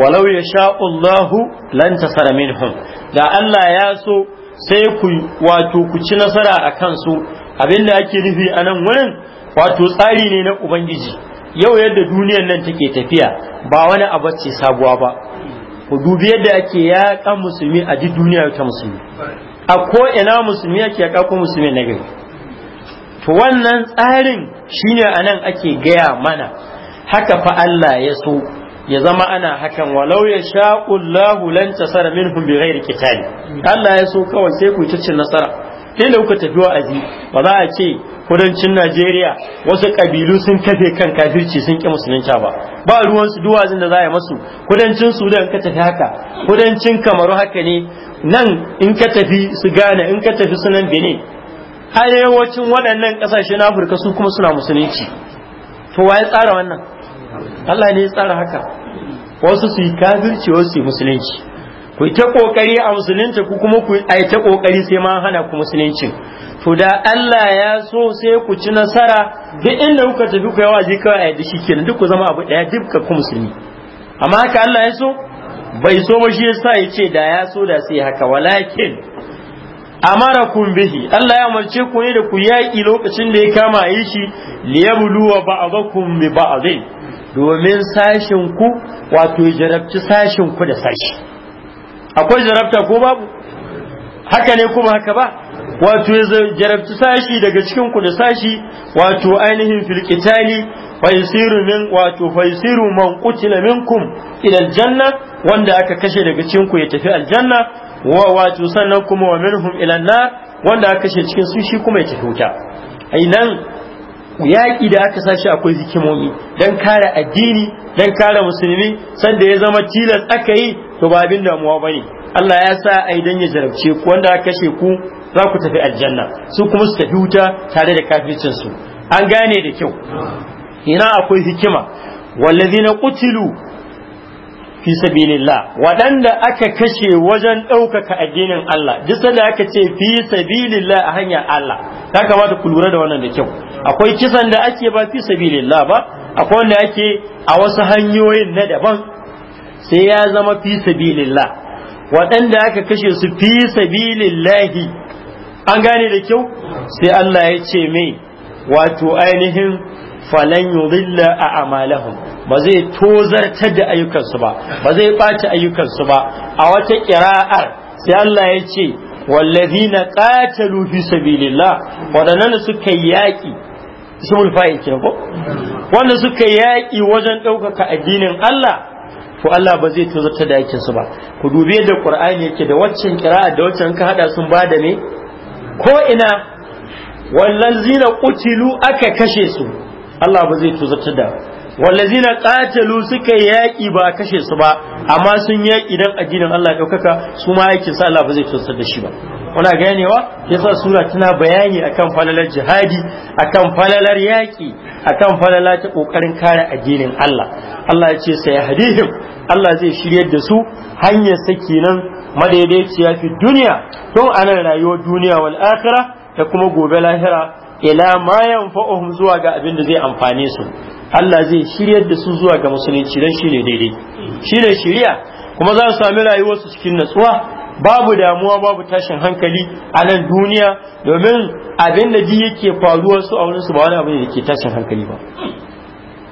A: walau ya sha Allahu lan tasara minhum da Allah ya so sai ku wato ku ci nasara a kansu abinda ake nufi a nan wurin wato tsari ne na ubangiji yau yadda duniyar nan take tafiya ba wani abu ce sabuwa ba ku dubi yadda ake yaƙa musulmi a duk duniya ta musulmi a ko ina musulmi ake ya musulmi na gari to wannan tsarin shine nan ake gaya mana haka fa Allah ya so ya zama ana hakan walau ya sha'ullahu lan tasara minhum bighairi qital Allah ya so kawai sai ku ta cin nasara sai da kuka tafi wa'azi ba za a ce kudancin Najeriya wasu kabilu sun kafe kan kafirci sun ki musulunta ba ba ruwan su duwazin da za a yi masu kudancin Sudan ka tafi haka kudancin Kamaru haka ne nan in ka tafi su gane, in ka tafi sunan Benin arewacin waɗannan ƙasashe na afirka su kuma suna musulunci to wa ya tsara wannan allah ne ya tsara haka wasu su yi kafirci wasu su yi musulunci ku ta kokari a musulunci ku kuma ku a ta kokari sai ma hana ku musulunci to da allah ya so sai ku ci nasara duk inda kuka tafi ku yawa je kawai a yadda shi kenan duk ku zama abu ɗaya duk ku musulmi amma haka allah ya so bai so ba shi yasa ya ce da ya so da sai haka walakin Amara kun bihi Allah ya umarce ku ne da ku yaƙi lokacin da ya kama yi shi wa ba'dakum bi ba'd domin sashin ku wato jarabci sashin ku da sashi akwai jarabta ko babu haka ne kuma haka ba wato jarabci sashi daga cikin ku da sashi wato ainihin filkitali faisiru min wato faisiru man qutila minkum ila aljanna wanda aka kashe daga cikin ku ya tafi aljanna wa wato sannan kuma wa minhum ila nar wanda aka kashe cikin su shi kuma ya tafi wuta ai nan yaƙi da aka sashi akwai zikimomi dan kare addini dan kare musulmi sanda ya zama tilas aka yi to ba abin damuwa bane Allah ya sa ai dan ya jarabce ku wanda aka kashe ku za ku tafi aljanna su kuma su tafi wuta tare da kafircin su an gane da kyau ina akwai hikima wallazina qutilu fi sabilillah waɗanda aka kashe wajen ɗaukaka addinin Allah duk da aka ce fi sabilillah a hanya Allah ta kamata ku lura da wannan da kyau akwai kisan da ake ba fi sabilillah ba akwai wanda ake a wasu hanyoyin na daban sai ya zama fi sabilillah waɗanda aka kashe su fi sabilillahi an gane da kyau sai Allah ya ce mai wato ainihin falan yudilla a amalahum ba zai tozartar da ayyukansu ba ba zai ɓata ayyukansu ba a wata ƙira'ar sai Allah ya ce na qatalu fi sabilillah wadannan suka yaƙi ismul fa'il ko wanda suka yaƙi wajen ɗaukaka addinin Allah to Allah ba zai tozarta da yake ba ku dubi da Qur'ani yake da waccan ƙira'a da waccan ka hada sun bada ne ko ina wallan zina qutilu aka kashe su Allah ba zai tuzartar da wallazina qatalu suka yaki ba kashe su ba amma sun yaki dan addinin Allah ya daukaka su ma yake sa Allah ba zai tuzartar da shi ba kuna ganewa yasa sura tana bayani akan falalar jihadi akan falalar yaki akan falalar ta ƙoƙarin kare addinin Allah Allah ya ce sai hadihim Allah zai shiryar da su hanyar nan madaidaiciya fi duniya don anan rayuwar duniya wal akhirah da kuma gobe lahira ila ma yanfa'uhum zuwa ga abin da zai amfane su Allah zai shiryar da su zuwa ga musulunci dan shine daidai shine shiriya kuma za su sami rayuwar su cikin natsuwa babu damuwa babu tashin hankali a nan duniya domin abin da ji yake faruwa su a wurin su ba wani abu ne da ke tashin hankali ba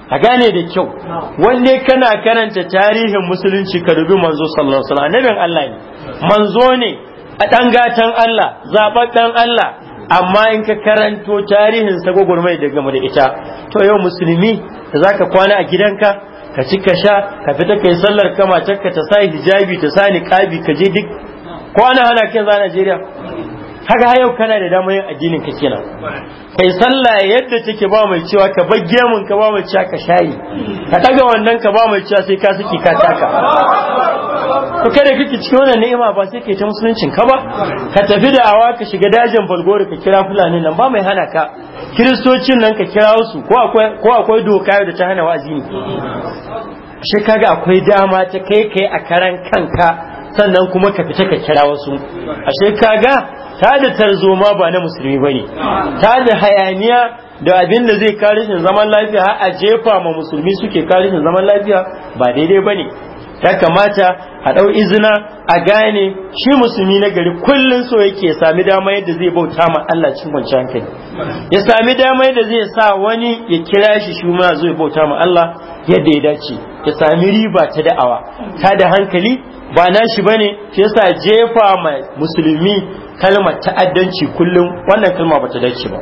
A: a gane da kyau wanne kana karanta tarihin musulunci ka dubi manzo sallallahu alaihi wasallam annabin Allah ne manzo ne a dan gatan Allah ɗan Allah amma in ka karanto tarihin sa mai daga mu da ita to yau musulmi da zaka kwana a gidanka ka ci ka sha ka fita kai sallar kama ka ta sa hijabi ta sani niqabi ka je duk kwana hana kin za Najeriya haka yau kana da damar yin addinin ka kenan kai sallah yadda take ba mai cewa ka bar gemun ka ba mai cewa ka shayi ka daga wannan ka ba mai cewa sai ka saki ka taka to kada kike cikin wannan ni'ima ba sai kai ta musuluncin ka ba ka tafi da awa ka shiga dajin bulgori ka kira fulani nan ba mai hana ka kiristocin nan ka kira su ko akwai ko akwai doka da ta hana wa'azi ne shi kaga akwai dama ta kai kai a karan kanka sannan kuma ka fita ka kira wasu ashe kaga ta da tarzoma ba na musulmi bane ta da hayaniya da abin da zai kare shi zaman lafiya a jefa ma musulmi suke kare shi zaman lafiya ba daidai bane ya kamata a ɗau izina a gane shi musulmi na gari kullum so yake ya sami dama yadda zai bauta ma Allah cikin kwanci hankali ya sami dama yadda zai sa wani ya kira shi shi ma zo bauta ma Allah yadda ya dace ya sami riba ta da'awa ta da hankali ba na nashi bane shi yasa jefa ma musulmi kalmar ta'addanci kullum wannan kalma bata dace ba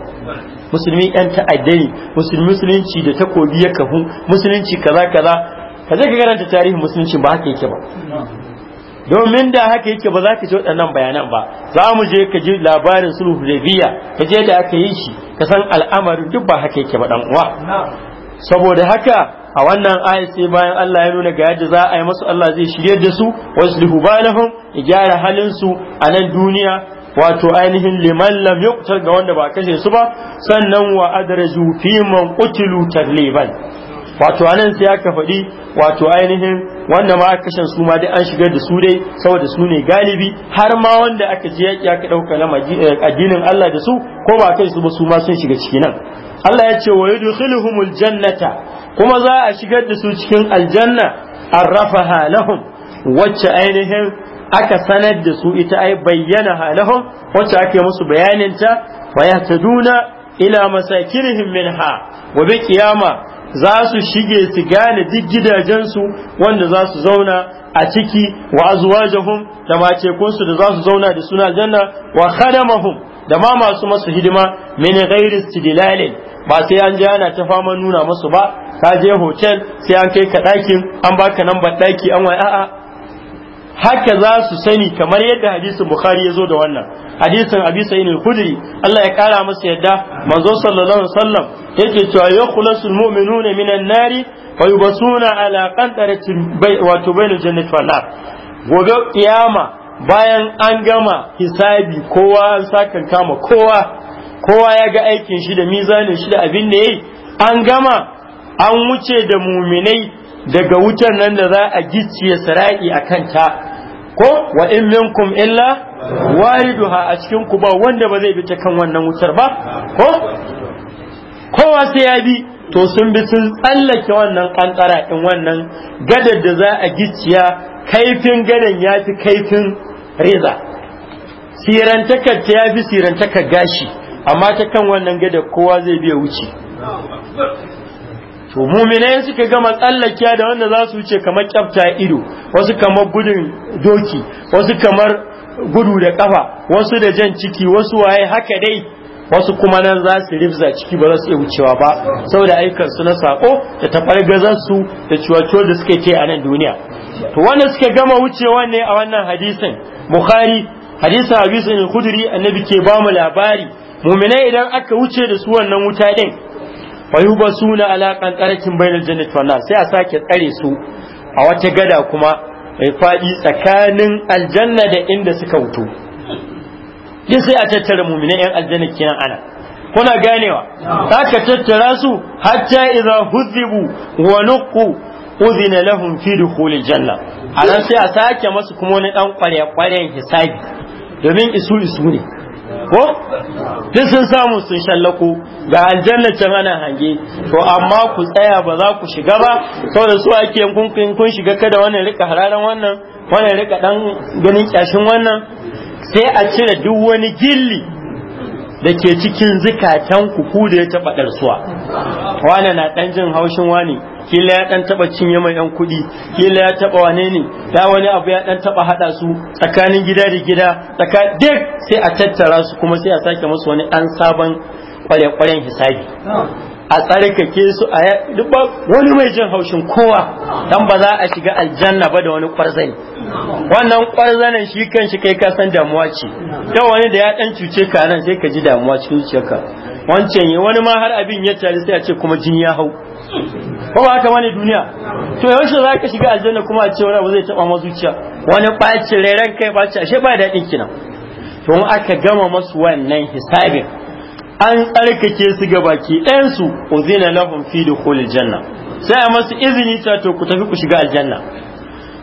A: musulmi yan ta'addani musulmi musulunci da takobi ya kahu musulunci kaza kaza ka je ka karanta tarihin musulunci ba haka yake ba domin da haka yake ba za ka ji waɗannan bayanan ba za mu je ka ji labarin sulhu hudaybiya ka je da aka yi shi ka san al'amarin duk ba haka yake ba dan uwa saboda haka a wannan aya sai bayan Allah ya nuna ga yadda za a yi masu Allah zai shirye da su waslihu balahum ya gyara halin su a nan duniya wato ainihin liman lam yuqtal ga wanda ba kashe su ba sannan wa adraju fi man qutilu tarliban wato anan sai aka faɗi wato ainihin wannan ma aka kashe su ma dai an shigar da su dai saboda su ne galibi har ma wanda aka ji yaki aka ɗauka na eh, addinin Allah da su ko ba kai su ba su ma sun shiga ciki nan Allah ya ce wa yudkhiluhumul jannata kuma za a shigar da su cikin aljanna arrafaha lahum wacce ainihin aka sanar da su ita ai bayyana halahum wacce aka yi musu bayaninta ta yahtaduna ila masakinihim minha wa bi za su shige su gane duk gidajensu wanda za su zauna a ciki wa azwajahum da macekunsu da za su zauna da suna janna wa khadamahum da ma masu masu hidima min ghairi istidlalin ba sai an je ana ta fama nuna masu ba ka je hotel sai an kai ka ɗakin an baka nan ɗaki an wai a'a haka za su sani kamar yadda hadisin bukhari ya zo da wannan hadisin abi sa'id al-khudri Allah ya kara masa yadda manzo sallallahu alaihi wasallam yake cewa yakhlasu al-mu'minuna minan nari wa yubasuna ala qantaratin wa tubainu jannati wal nar gobe kiyama bayan an gama hisabi kowa an saka kama kowa kowa ya ga aikin shi da mizanin shi da abin da yayi an gama an wuce da muminai daga wutar nan da za a gicciye sara'i a kanta ko wa in minkum illa wariduha a cikin ku ba wanda ba zai bi ta kan wannan wutar ba ko kowa sai ya bi to sun bi sun tsallake wannan kankara in wannan gadar da za a gicciya kaifin gadan ya fi kaifin reza sirantakar ta ya fi takar gashi amma ta kan wannan gadar kowa zai biya wuce to muminai suka gama tsallakiya da wanda za su wuce kamar kyafta ido wasu kamar gudun doki wasu kamar gudu da kafa wasu da jan ciki wasu waye haka dai wasu kuma nan za su rifza ciki ba za su iya wucewa ba saboda ayyukan su na sako da tafargazar su da ciwaciwar da suke ce a nan duniya to wanda suka gama wucewa ne a wannan hadisin bukhari hadisin hadisin kuduri annabi ke ba mu labari muminai idan aka wuce da su wannan wuta din fayuba suna ala kankarakin bainal jannati wannan sai a sake tsare su a wata gada kuma mai faɗi tsakanin aljanna da inda suka wuto din sai a tattara mu'mina yan aljanna kenan ana kuna ganewa ka tattara su hatta idza huzibu wa nuqu uzina lahum fi dukhulil janna anan sai a sake masu kuma wani dan kware kwaren hisabi domin isu isu ne ko duk sun samu sun shallako ga aljanna can ana hange to amma ku tsaya ba za ku shiga ba saboda su ake kun kun shiga kada wannan rika hararan wannan wannan rika dan ganin kyashin wannan sai a cire duk wani gilli da ke cikin zikatan ku ku da ya taɓa ɗarsuwa wane na ɗan jin haushin wani kila ya ɗan taɓa cinye mai ɗan kuɗi kila ya taɓa wane ne da wani abu ya ɗan taɓa haɗa su tsakanin gida da gida tsaka duk sai a tattara su kuma sai a sake musu wani ɗan sabon kware-kwaren hisabi a tsarkake su a duk ba wani mai jin haushin kowa dan ba za a shiga aljanna ba da wani kwarzani wannan kwarzanin shi kan shi kai kasan damuwa ce da wani da ya dan cuce ka nan sai ka ji damuwa cikin zuciyarka wancan ya wani ma har abin ya tare sai a ce kuma jin ya hau ko ba haka wani duniya to yaushe za ka shiga aljanna kuma a ce wani abu zai taba ma zuciya wani ɓaci rai kai ɓaci ashe ba daɗin kina to aka gama masu wannan hisabin an tsarkake su ga baki ɗayansu uzina lahum fi dukhulil janna sai a masu izini ta to ku tafi ku shiga aljanna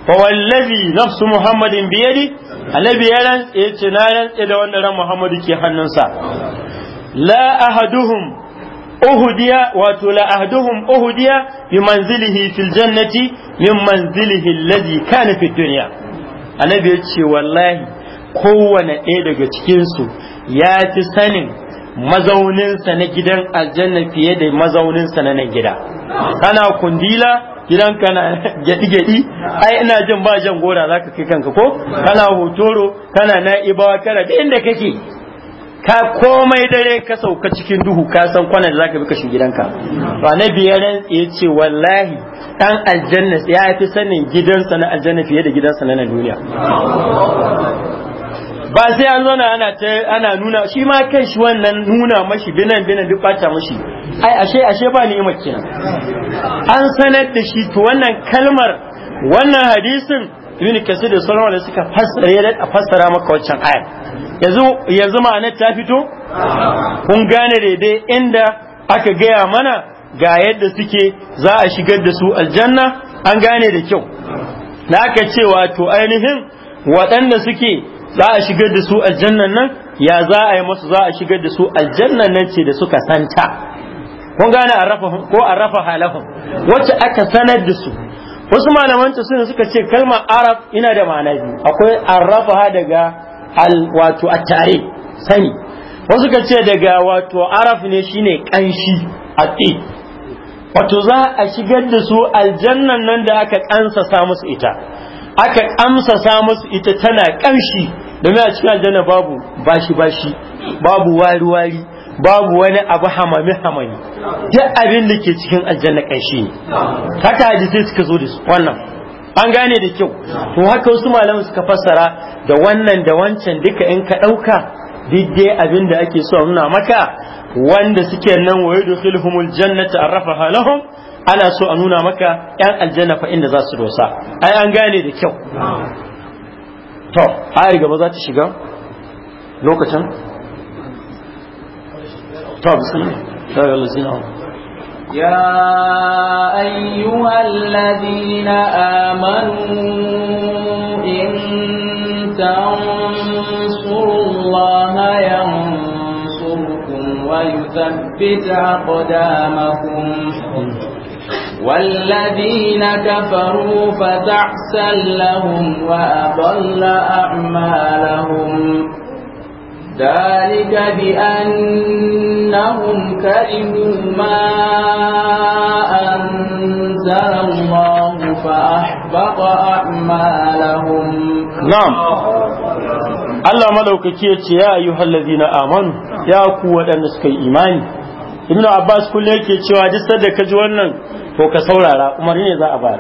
A: fa wallazi nafsu muhammadin bi yadi annabi ya yace na rantsa da wannan ran muhammadu ke hannunsa la ahaduhum uhudiya wato la ahaduhum uhudiya bi manzilihi fil jannati min manzilihi alladhi kana fid dunya annabi yace wallahi kowane ɗaya daga cikinsu ya fi sanin mazauninsa na gidan aljanna fiye da mazauninsa na nan gida kana kundila gidan kana gyaɗi-gyaɗi ai ina jin ba jan gora zaka kai kanka ko kana hotoro kana na'ibawa kana da inda kake ka komai dare ka sauka cikin duhu ka san kwanan da zaka bi ka shi gidanka to annabi ya rantsa ce wallahi dan aljanna ya fi sanin gidansa na aljanna fiye da gidansa na duniya ba sai an zauna ana ta ana nuna shi ma kai shi wannan nuna mashi binan binan duk bata mashi ai ashe ashe ba ni kenan an sanar da shi to wannan kalmar wannan hadisin ibn kasir da sauran da suka fassara ya fassara maka waccan ayar yanzu yanzu ma'anar ta fito kun gane daidai inda aka gaya mana ga yadda suke za a shigar da su aljanna an gane da kyau na aka cewa to ainihin waɗanda suke za a shigar da su aljannan nan ya za a yi masu za a shigar da su aljannan nan ce da suka santa kun gane a ko a rafa halafin wacce aka sanar da su wasu malaman suna suka ce kalmar arab ina da ma'ana biyu akwai arrafa daga wato a tare sani wasu ka ce daga wato araf ne shine kanshi a wato za a shigar da su aljannan nan da aka kansa sa musu ita aka amsa sa musu ita tana ƙamshi domin a cikin aljanna babu bashi bashi babu wari wari babu wani abu hamami hamami duk abin da ke cikin aljanna ƙanshi ne haka hadisai suka zo da su wannan an gane da kyau to haka wasu malamu suka fassara da wannan da wancan duka in ka ɗauka duk abin da ake so a maka wanda suke nan wa yudkhiluhumul jannata arrafaha lahum ana so a nuna maka yan aljanna fa inda za su dosa ai an gane da kyau to ayar gaba za ta shiga lokacin to bismillah
B: يا أيها الذين آمنوا إن تنصروا الله ينصركم ويثبت أقدامكم والذين كفروا فتعسا لهم وأضل أعمالهم ذلك بأنهم كرهوا ما أنزل الله فأحبط أعمالهم نعم
A: Allah madaukaki ya ce ya ayyuhal ladzina amanu ya ku waɗanda suka yi imani Ibn Abbas kullum yake cewa duk da ka ji wannan ko ka saurara umarni ne za a ba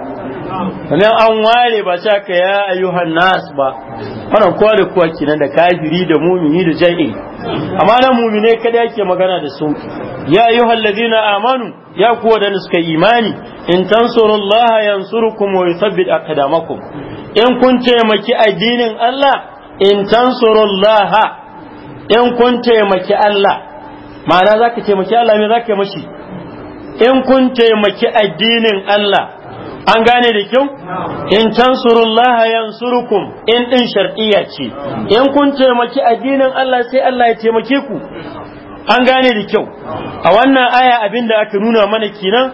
A: sannan an ware ba sha ka ya ayyuhan nas ba wannan kowa da kowa kenan da kafiri da mumini da jai'i amma nan mumine kada yake magana da su ya ayyuhan ladina amanu ya kuwa da suka imani in tansurullaha yansurukum wa yuthabbit aqdamakum in kun taimaki addinin Allah in tansurullaha in kun taimaki Allah ma'ana zaka taimaki Allah me zaka yi mashi in kun taimaki addinin Allah an gane da kyau in tansurullaha yansurukum in din shar'iyya ce in kun taimaki addinin Allah sai Allah ya taimake ku an gane da kyau a wannan aya abin da aka nuna mana kenan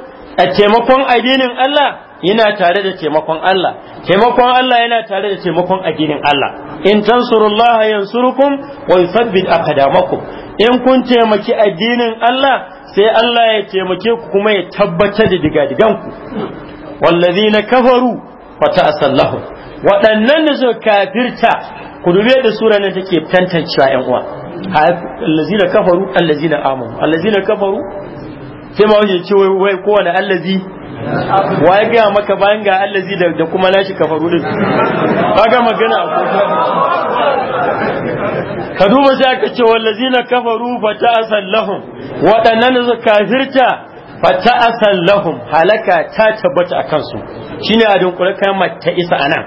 A: a taimakon addinin Allah yana tare da taimakon Allah taimakon Allah yana tare da taimakon addinin Allah in tansurullaha yansurukum wa yuthabbit aqdamakum in kun taimaki addinin Allah sai Allah ya taimake ku kuma ya tabbatar da digadiganku wallazina kafaru fa asallahu waɗannan da suka kafirta ku dube da sura nan take tantancewa ƴan uwa allazina kafaru allazina amanu allazina kafaru sai ma wajen ce wai kowane allazi wa ya gaya maka bayan ga allazi da kuma nashi kafaru din kaga magana a ka duba sai aka ce kafa kafaru fa asal lahum waɗannan su kafirta fa asal lahum halaka ta tabbata a kansu. shi ne a dunkule kayan mata isa anan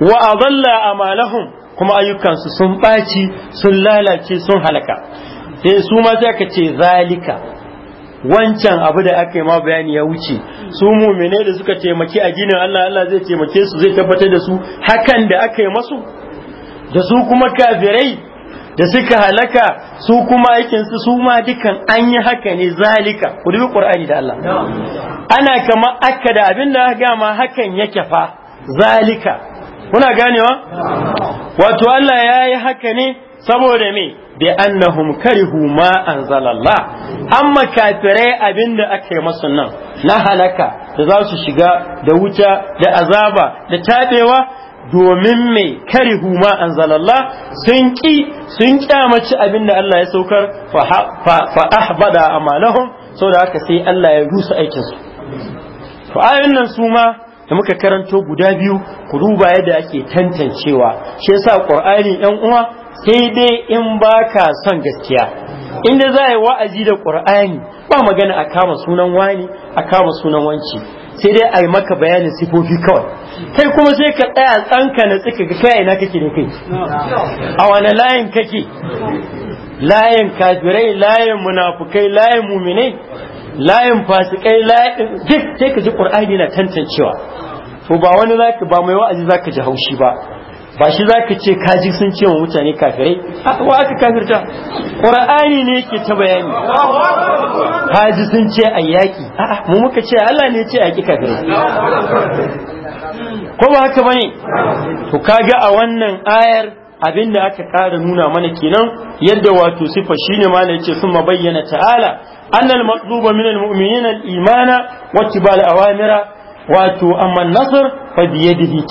A: wa a amalahum kuma ayyukansu sun ɓaci sun lalace sun halaka sai eh, su ma sai aka ce zalika wancan abu da aka yi ma bayani ya wuce su mumine da suka taimaki a ginin Allah Allah zai taimake su zai tabbatar da su hakan da aka yi masu da su kuma kafirai da suka halaka su kuma aikinsu su ma dukan an yi haka ne zalika ku dubi qur'ani da Allah ana kama akka da abin da ga ma hakan yake fa zalika kuna ganewa wato Allah ya yi haka ne saboda me bi annahum karihu ma anzalallah amma kafirai abinda aka yi masu nan na halaka da za su shiga da wuta da azaba da tabewa domin mai kare huma an zalallah sun ƙi sun ƙyamaci abin da Allah ya saukar da ahbada sau da haka sai Allah ya rusa aikinsu Fa'ayin nan su ma da muka karanto guda biyu ku duba yadda ake tantancewa shi yasa qur'ani yan uwa sai dai in ba ka son gaskiya inda za a yi wa'azi da ƙur'ani ba magana a kama sunan wani a kama sunan wanci sai dai a yi maka bayanin sifofi kawai kai kuma sai ka tsaya tsanka na tsika ga kai na kake da kai a wani layin kake layin kafirai layin munafukai layin muminai layin fasikai layin duk sai ka ji na tantancewa to ba wani zaka ba mai wa'azi zaka ji haushi ba ba shi za ka ce kaji sun ce wa mutane kafirai wa aka kafirta ƙura'ani ne ke ta bayani kaji sun ce a yaƙi mu muka ce Allah ne ce a yaƙi kafirai ko ba haka bane to kaga a wannan ayar abin da aka ƙara nuna mana kenan yadda wato sifa shine na ce sun bayyana ta'ala annal matsuba minal mu'minina al-imana wa tibal awamira wato amma nasar fa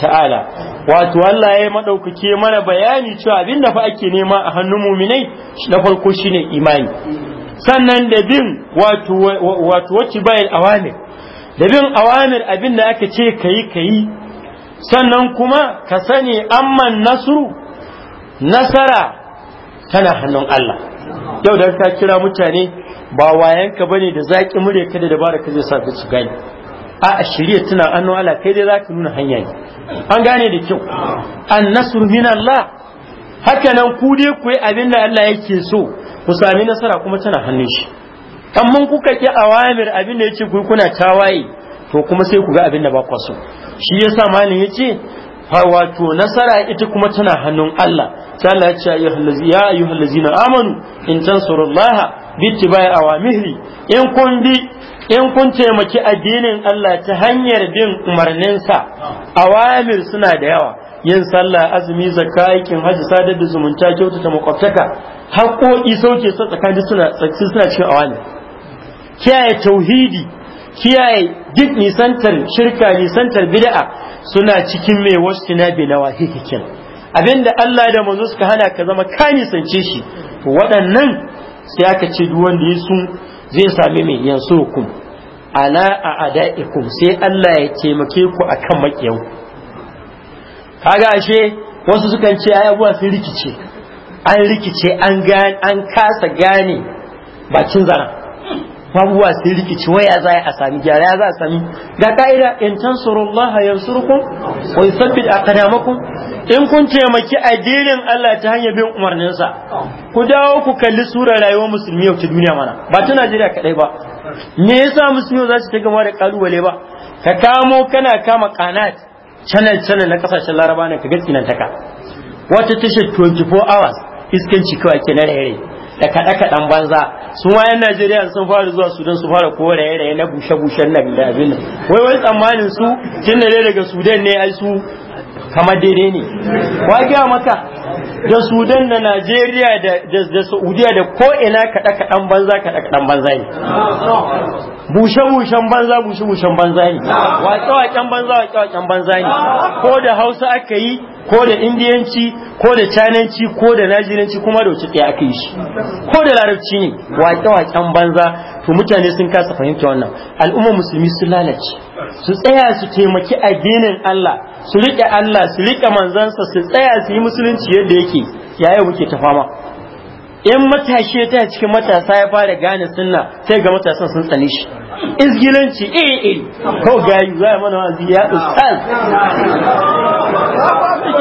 A: ta'ala wato Allah ya yi madaukake mana bayani cewa abinda fa ake nema a hannun muminai na farko shine imani sannan da bin wato wato wacce bayil awamir da bin awamir abinda aka ce kayi kayi sannan kuma ka sani amman nasru nasara tana hannun Allah yau da ka kira mutane ba wayanka bane da zaki mure ka da dabara ka zai sa su gani a shirya tuna annu ala kai dai zaka nuna hanya ne an gane da kyau an nasru min Allah haka nan ku dai ku yi abin da Allah yake so ku sami nasara kuma tana hannun shi amma kuka ki awamir abin da yake ku kuna tawaye to kuma sai ku ga abin da ba ku so shi yasa malin yace wato nasara ita kuma tana hannun Allah sai Allah ya ce ya ayyuhallazina amanu in tansurullaha bi tibai awamiri in kun bi in kun taimaki addinin Allah ta hanyar bin umarninsa awamir suna da yawa yin sallah azumi zakka aikin haji, sadar da zumunta kyautata makwabtaka haƙoƙi sauke su tsakanin suna tsaksi suna cikin awamir kiyaye tauhidi kiyaye duk nisantar shirka nisantar bid'a suna cikin mai wasu bi na wahikikin abinda Allah da manzo suka hana ka zama ka nisance shi waɗannan sai aka ce duk wanda ya sun zai sami mai yansu hukumu ala a ada'ikum sai Allah ya taimake ku akan makiyau kaga ashe wasu sukan ce abuwa sun rikice an rikice an gane an kasa gane bakin zara abubuwa sun rikice waya za a sami gyara ya za a sami ga ka'ida in tansurullah yansurukum wa yusabbit aqdamakum in kun taimaki addinin Allah ta hanyar bin umarninsa ku dawo ku kalli surar rayuwar musulmi yau ta duniya mana ba ta Najeriya kadai ba me yasa musulmi za su ta gama da kalubale ba ka kamo kana kama kanat channel channel na kasashen laraba ne ka ga taka wata tashar 24 hours iskanci kawai ke na raye da kaɗa kaɗan banza su ma yan Najeriya sun fara zuwa Sudan su fara ko raye raye na bushe bushen nan da abin wai wai tsammanin su tun daga Sudan ne ai su kamar daidai ne wa gaya maka da sudan da najeriya da saudiya da ko ina kaɗa kaɗan banza kaɗa kaɗan banza ne bushe bushen banza bushe bushen banza ne wa waƙen banza wa waƙen banza ne ko da hausa aka yi ko da indiyanci ko da cananci ko da najiranci kuma da wuce ɗaya aka yi shi ko da larabci ne waƙe-waƙen banza to mutane sun kasa fahimta wannan al'ummar musulmi sun lalace su tsaya su taimaki addinin Allah su riƙe Allah su riƙe manzansa su tsaya su yi musulunci yadda yake yaya muke ta fama in matashi ta cikin matasa ya fara gane sunna sai ga matasan sun tsane shi izgilanci eh eh ko gayu za mana wazi ya ustaz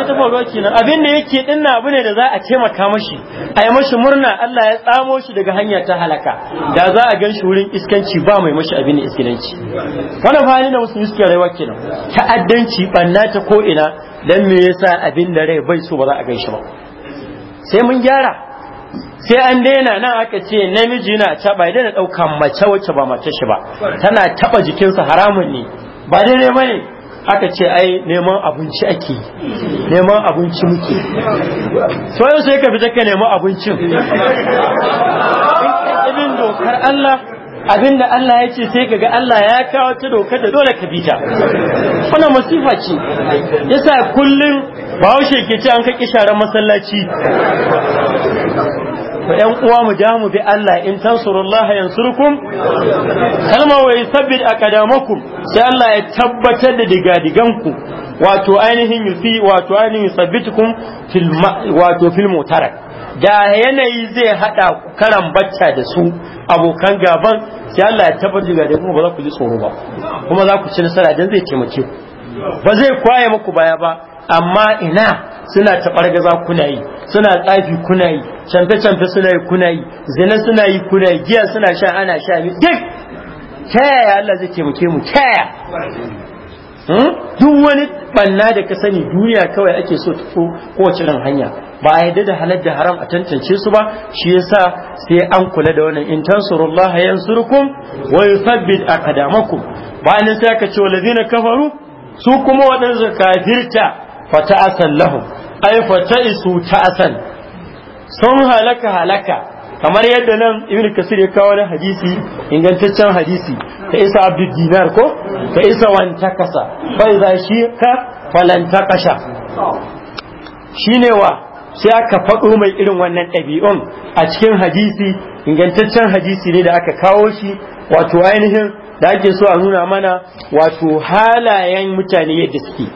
A: tsibin ruwa kenan abin da yake din na abu ne da za a taimaka mashi a yi mashi murna Allah ya tsamo shi daga hanya ta halaka da za a gan shi wurin iskanci ba mai mashi abin da iskanci wannan hali da musulmi suke rayuwa kenan ta'addanci banna ta ko ina dan me yasa abin da rai bai so ba za a gan shi ba sai mun gyara sai an daina nan aka ce namiji na ta ya daina ɗaukan mace wacce ba mace shi ba tana taɓa jikinsa haramun ne ba daidai ba ne aka ce ai neman abinci ake neman abinci muke soyayya sai ka fita ka neman abincin
C: abin dokar
A: Allah abin da Allah ya ce sai kaga Allah ya kawo ta dokar da dole ka bi ta wannan masifa ce yasa kullum bahaushe ke ce an kaki sharan masallaci Ku ƴan uwa mu ja mu bi Allah in tansurullaha yansurkum kalma wa yusabbit aqdamakum sai Allah ya tabbatar da digadigan ku wato ainihin yusi wato ainihin yusabbitukum fil wato fil mutarak da yanayi zai hada karan bacca da su abokan gaban sai Allah ya tabbatar da digadigan ku ba za ku ji tsoro ba kuma za ku ci nasara dan zai taimake ku ba zai kwaye muku baya ba amma ina suna gaza kuna yi suna tsafi kuna yi canfe canfe suna yi kuna yi zina suna yi kuna yi giya suna sha ana sha duk kaya Allah zai taimake mu kaya hmm? duk wani banna da ka sani duniya kawai ake so ta kowace ran hanya ba a yadda da halar da haram a tantance su ba shi yasa sai an kula da wannan in tansurullah yansurkum wa yuthabbit aqdamakum bayan sai aka ce walladhina kafaru su kuma waɗansu kafirta fata asan lahu ai fata isu ta asan sun halaka halaka kamar yadda nan ibn kasir ya kawo na hadisi ingantaccen hadisi ta isa abdul dinar ko ta isa wanta kasa bai za shi ka falanta kasha ne wa sai aka faɗo mai irin wannan ɗabi'un a cikin hadisi ingantaccen hadisi ne da aka kawo shi wato ainihin da ake so a nuna mana wato halayen mutane yadda suke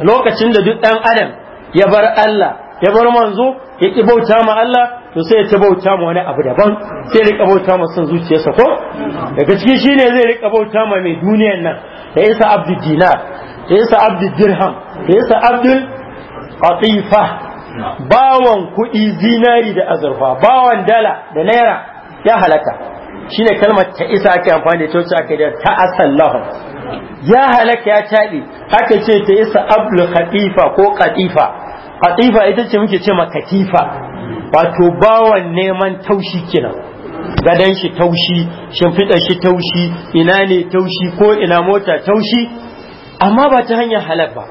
A: lokacin da duk ɗan adam ya bar Allah ya bar manzo ya ki bauta ma Allah to sai ya ci bauta ma wani abu daban sai ya rika bauta ma son zuciyarsa ko daga ciki shine zai rika bauta ma mai duniyar nan da yasa abdul dinar da yasa abdul dirham da yasa abdul qatifa bawan kuɗi zinari da azurfa bawan dala da naira ya halaka Shi ne kalmar ta isa ake amfani da ita ake da ta asallahu ya halaka ya taɗi haka ce ta isa abu khatifa ko katifa katifa ita ce muke ce katifa wato bawan neman taushi kenan Gadon shi taushi shimfiɗar shi taushi ina ne taushi ko ina mota taushi amma ba ta hanyar halar ba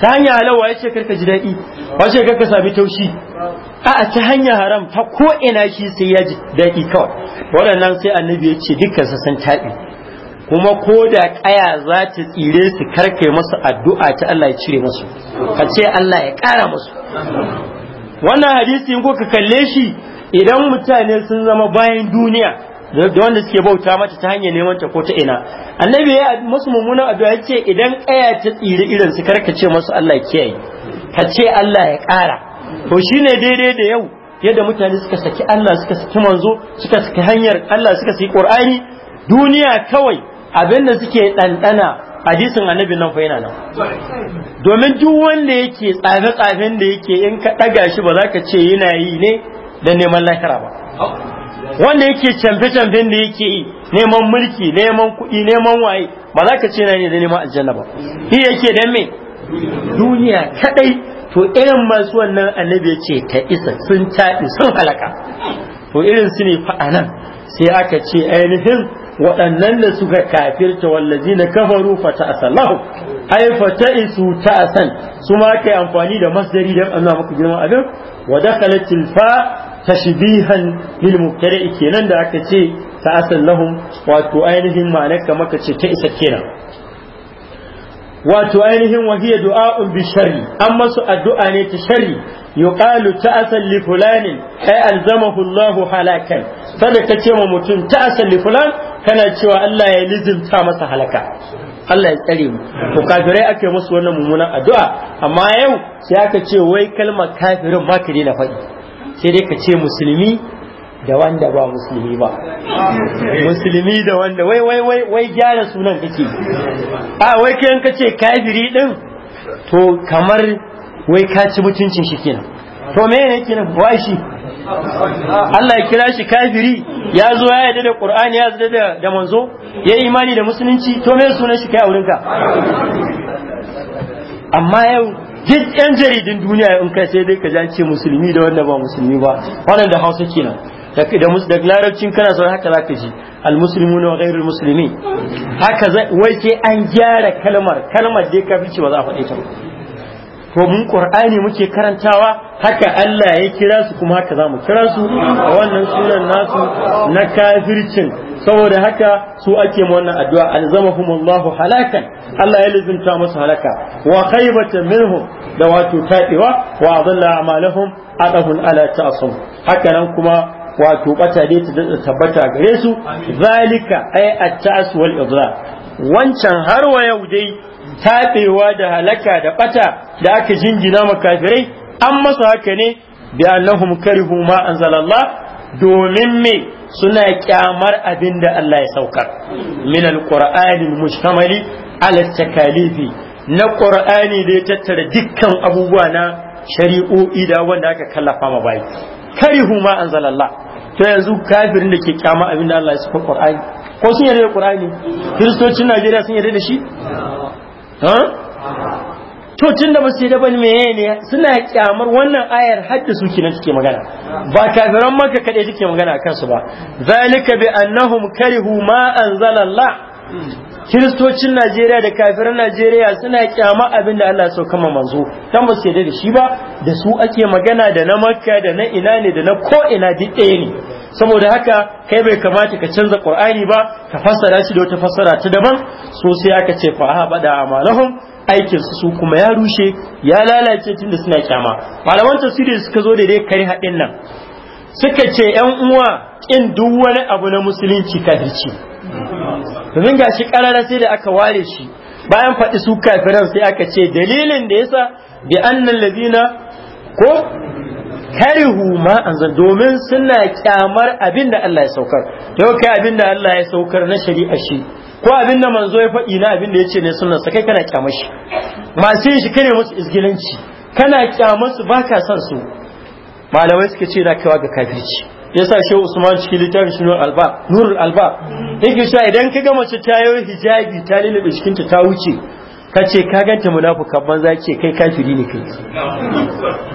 A: ta hanya halawa ya ce karka ji daɗi ba ce karka sami taushi a ta hanya haram ta ko ina shi sai ya ji daɗi kawai waɗannan sai annabi ya ce dukkan sa san taɓi kuma ko da ƙaya za ta tsire su karkai masu addu'a ta Allah ya cire masu ka ce Allah ya ƙara masu wannan hadisi in ka kalle shi idan mutane sun zama bayan duniya da wanda suke bauta mata ta hanyar neman ta ko ta ina annabi ya musu mummunan addu'a ya ce idan kaya ta tsiri irin su karka ce masu Allah kiyaye ka ce Allah ya ƙara to shine daidai da yau yadda mutane suka saki Allah suka saki manzo suka saki hanyar Allah suka saki Qur'ani duniya kawai abinda suke dandana hadisin annabi nan fa yana nan domin duk wanda yake tsafe-tsafen da yake in ka ɗaga shi ba za ka ce yana yi ne da neman lahira
C: ba
A: wanda yake canfe-canfen da yake yi neman mulki neman kuɗi neman waye ba za ka ce na ne da neman aljanna ba shi yake dan me duniya kadai to irin masu wannan annabi ce ta isa sun tadi sun halaka to irin su ne fa anan sai aka ce ainihin waɗannan da suka kafirta wallazi na kafaru fa ta'asallahu ai fa ta ta'asan su ma kai amfani da masdari da Allah muku girman abin wa dakhalat fa tashbihan lil mubtadi kenan da aka ce ta asal wato ainihin ma'anar kamar ka ce ta isa kenan wato ainihin wahiya du'a'un bi sharri an masu addu'a ne ta sharri yuqalu ta'asan li fulanin ay alzamahu Allahu halakan kada ka ce ma mutum ta'asan li fulan kana cewa Allah ya lizimta masa halaka Allah ya tsare mu to aka ake musu wannan mummunan addu'a amma yau sai aka ce wai kalmar kafirin ma ka daina faɗi sai dai ka ce musulmi da wanda ba musulmi ba musulmi da wanda wai wai wai wai gyara sunan kake a wai kai ka ce kafiri din to kamar wai ka ci mutuncin shi kenan to me ne nan wai shi Allah ya kira shi kafiri ya zo ya yarda da Qur'ani ya yarda da manzo ya imani da musulunci to me sunan shi kai a wurinka amma yau duk yan jaridin duniya in kai sai dai ka ji ce musulmi da wanda ba musulmi ba wannan da hausa kenan da da larabcin kana so haka zaka ji al muslimu ghairul muslimi haka wai sai an gyara kalmar kalmar dai ce ba za a faɗe ta ba ko mun qur'ani muke karantawa haka Allah ya kira su kuma haka zamu kira su a wannan sunan nasu na kafircin saboda haka su ake ma wannan addu'a alzamahumullahu halakan Allah ya lizimta musu halaka wa khaybatan minhum da wato taɗewa wa adalla a'malahum adahun ala ta'sum haka nan kuma wato bata dai ta tabbata gare su zalika ay at-ta'as wal idla wancan har wa yau dai taɗewa da halaka da bata da aka jingina makafirai an masa haka ne bi annahum karihu ma anzalallah domin me suna kyamar abinda Allah ya saukar min alqur'anil mujtamali ala takalifi na qur'ani da ya tattara dukkan abubuwa na shari'o'i da wanda aka kallafa ma bai karihu ma anzalallah to yanzu kafirin da ke kyama abin Allah ya saukar qur'ani ko sun yarda da qur'ani kiristocin Najeriya sun yarda da shi to tun da basu da bane meye ne suna kyamar wannan ayar hadda su kinan suke magana ba kafiran maka kaɗai suke magana a su ba zalika bi annahum karihu ma anzala Allah kiristocin Najeriya da kafiran Najeriya suna kyama abin da Allah sauka ma manzo dan ba su da shi ba da su ake magana da na Makka da na ina ne da na ko ina duk ɗaya ne saboda haka kai bai kamata ka canza Qur'ani ba ka fassara shi da wata fassara ta daban so sai aka ce fa ha bada amalahum aikin su su kuma ya rushe ya lalace tun da suna kyama malaman tasiri suka zo da dai kare haɗin nan suka ce yan uwa ƙin duk wani abu na musulunci kafirci domin shi karara sai da aka ware shi bayan faɗi su kafiran sai aka ce dalilin da yasa bi annal ladina ko karihu ma anzal domin suna kyamar abin da Allah ya saukar yau kai abin da Allah ya saukar na shari'a shi ko abin da manzo ya faɗi na abin da ya ce ne sunan sa kai kana kyamar shi masu yin shi kane musu izgilanci kana kyamar su ba ka son su malamai suka ce na kawa ga kafirci yasa shehu usman cikin littafin shi nurul alba nurul alba yake cewa idan ka ga mace ta yi hijabi ta lulluɓe cikinta ta wuce ta ce ka ganta munafuka banza ce kai kafiri ne kai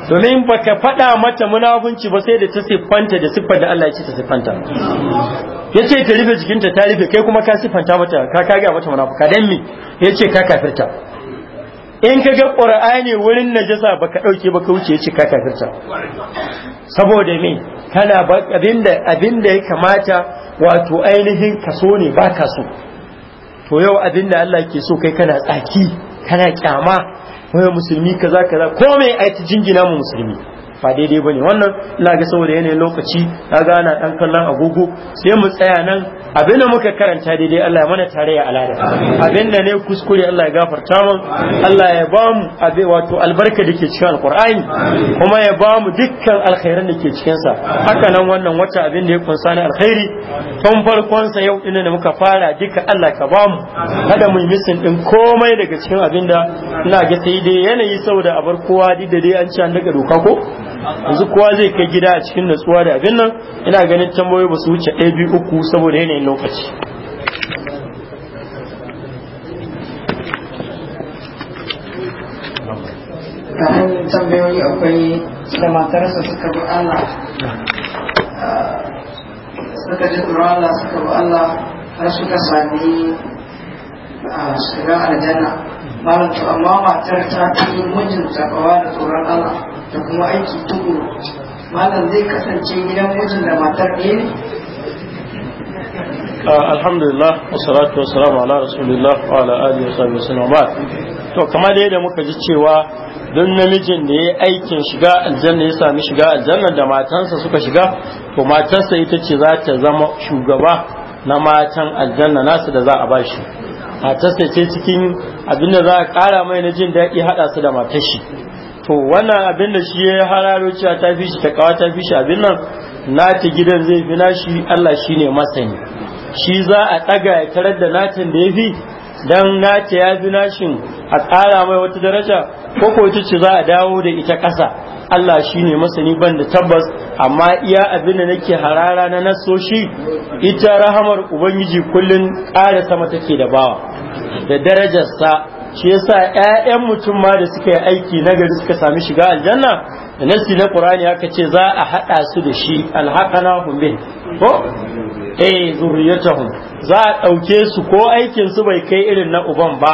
A: domin ba ka faɗa mata munafunci ba sai da ta siffanta da siffar da Allah ya ce ta siffanta ya ce ta rufe jikinta ta rufe kai kuma ka siffanta mata ka kaga mata munafuka dan me ya ce ka kafirta in ka ga Al-Qur'ani wurin najasa ba ka ɗauke ba ka wuce ya ce ka kafirta saboda me kana abinda abinda ya kamata wato ainihin kaso ne ba ka so to yau abin da Allah ke so kai kana tsaki kana kyama wai musulmi kaza kaza ko mai ta jingina mu musulmi ba daidai ba ne wannan ina ga saboda yanayin lokaci na gana ɗan kallon agogo sai mu tsaya nan abin muka karanta daidai Allah ya mana tare ya alada abin da ne kuskure Allah ya gafarta mu Allah ya ba mu abin wato albarka da ke cikin alkur'ani kuma ya ba mu dukkan alkhairan da ke cikin sa haka nan wannan wata abin da ya kunsa na alkhairi tun farkonsa sa yau din da muka fara duka Allah ka ba mu kada mu misin din komai daga cikin abinda ina ga sai dai yanayi saboda a bar kowa da dai an ci an daga doka ko yanzu kowa zai kai gida a cikin natsuwa da abin nan ina ganin tambayoyi ba su wuce ɗaya biyu uku saboda yanayin lokaci ga hannun tambayoyi akwai da
D: matarsa suka bi Allah suka ji tsoron Allah suka bi Allah har suka sami shiga aljanna malam to amma matar ta fi mijin takawa da tsoron Allah da kuma aiki tukuru malam zai kasance gidan mijin da matar ɗaya ne
A: ah, alhamdulillah wa salamu ala rasulillah wa ala alihi wa sahbihi wasallam to kamar da muka ji cewa don namijin da ya aikin shiga aljanna ya sami shiga aljanna da matansa suka shiga to matarsa ita ce za ta zama shugaba na matan aljanna nasu da za a bashi matarsa ce cikin abinda za a kara mai na jin daɗi haɗa su da matashi to wannan abin da shi ya hararo cewa ta fi shi ta kawa ta fi shi abin nan Na ta gidan zai fi nashi Allah shi ne masani shi za a ɗaga ya tarar da natin da ya fi don nata ya fi nashin a tsara mai wata daraja ko ko ita ce za a dawo da ita ƙasa Allah shi ne masani ban da tabbas amma iya abin da nake harara na shi ita rahamar ubangiji kullum ƙara sama take da bawa da darajarsa shi yasa ƴaƴan mutum ma da suka yi aiki nagari suka sami shiga aljanna da nasi na qur'ani aka ce za a hada su da shi hum bin ko eh zurriyatahum za a dauke su ko aikin su bai kai irin na uban ba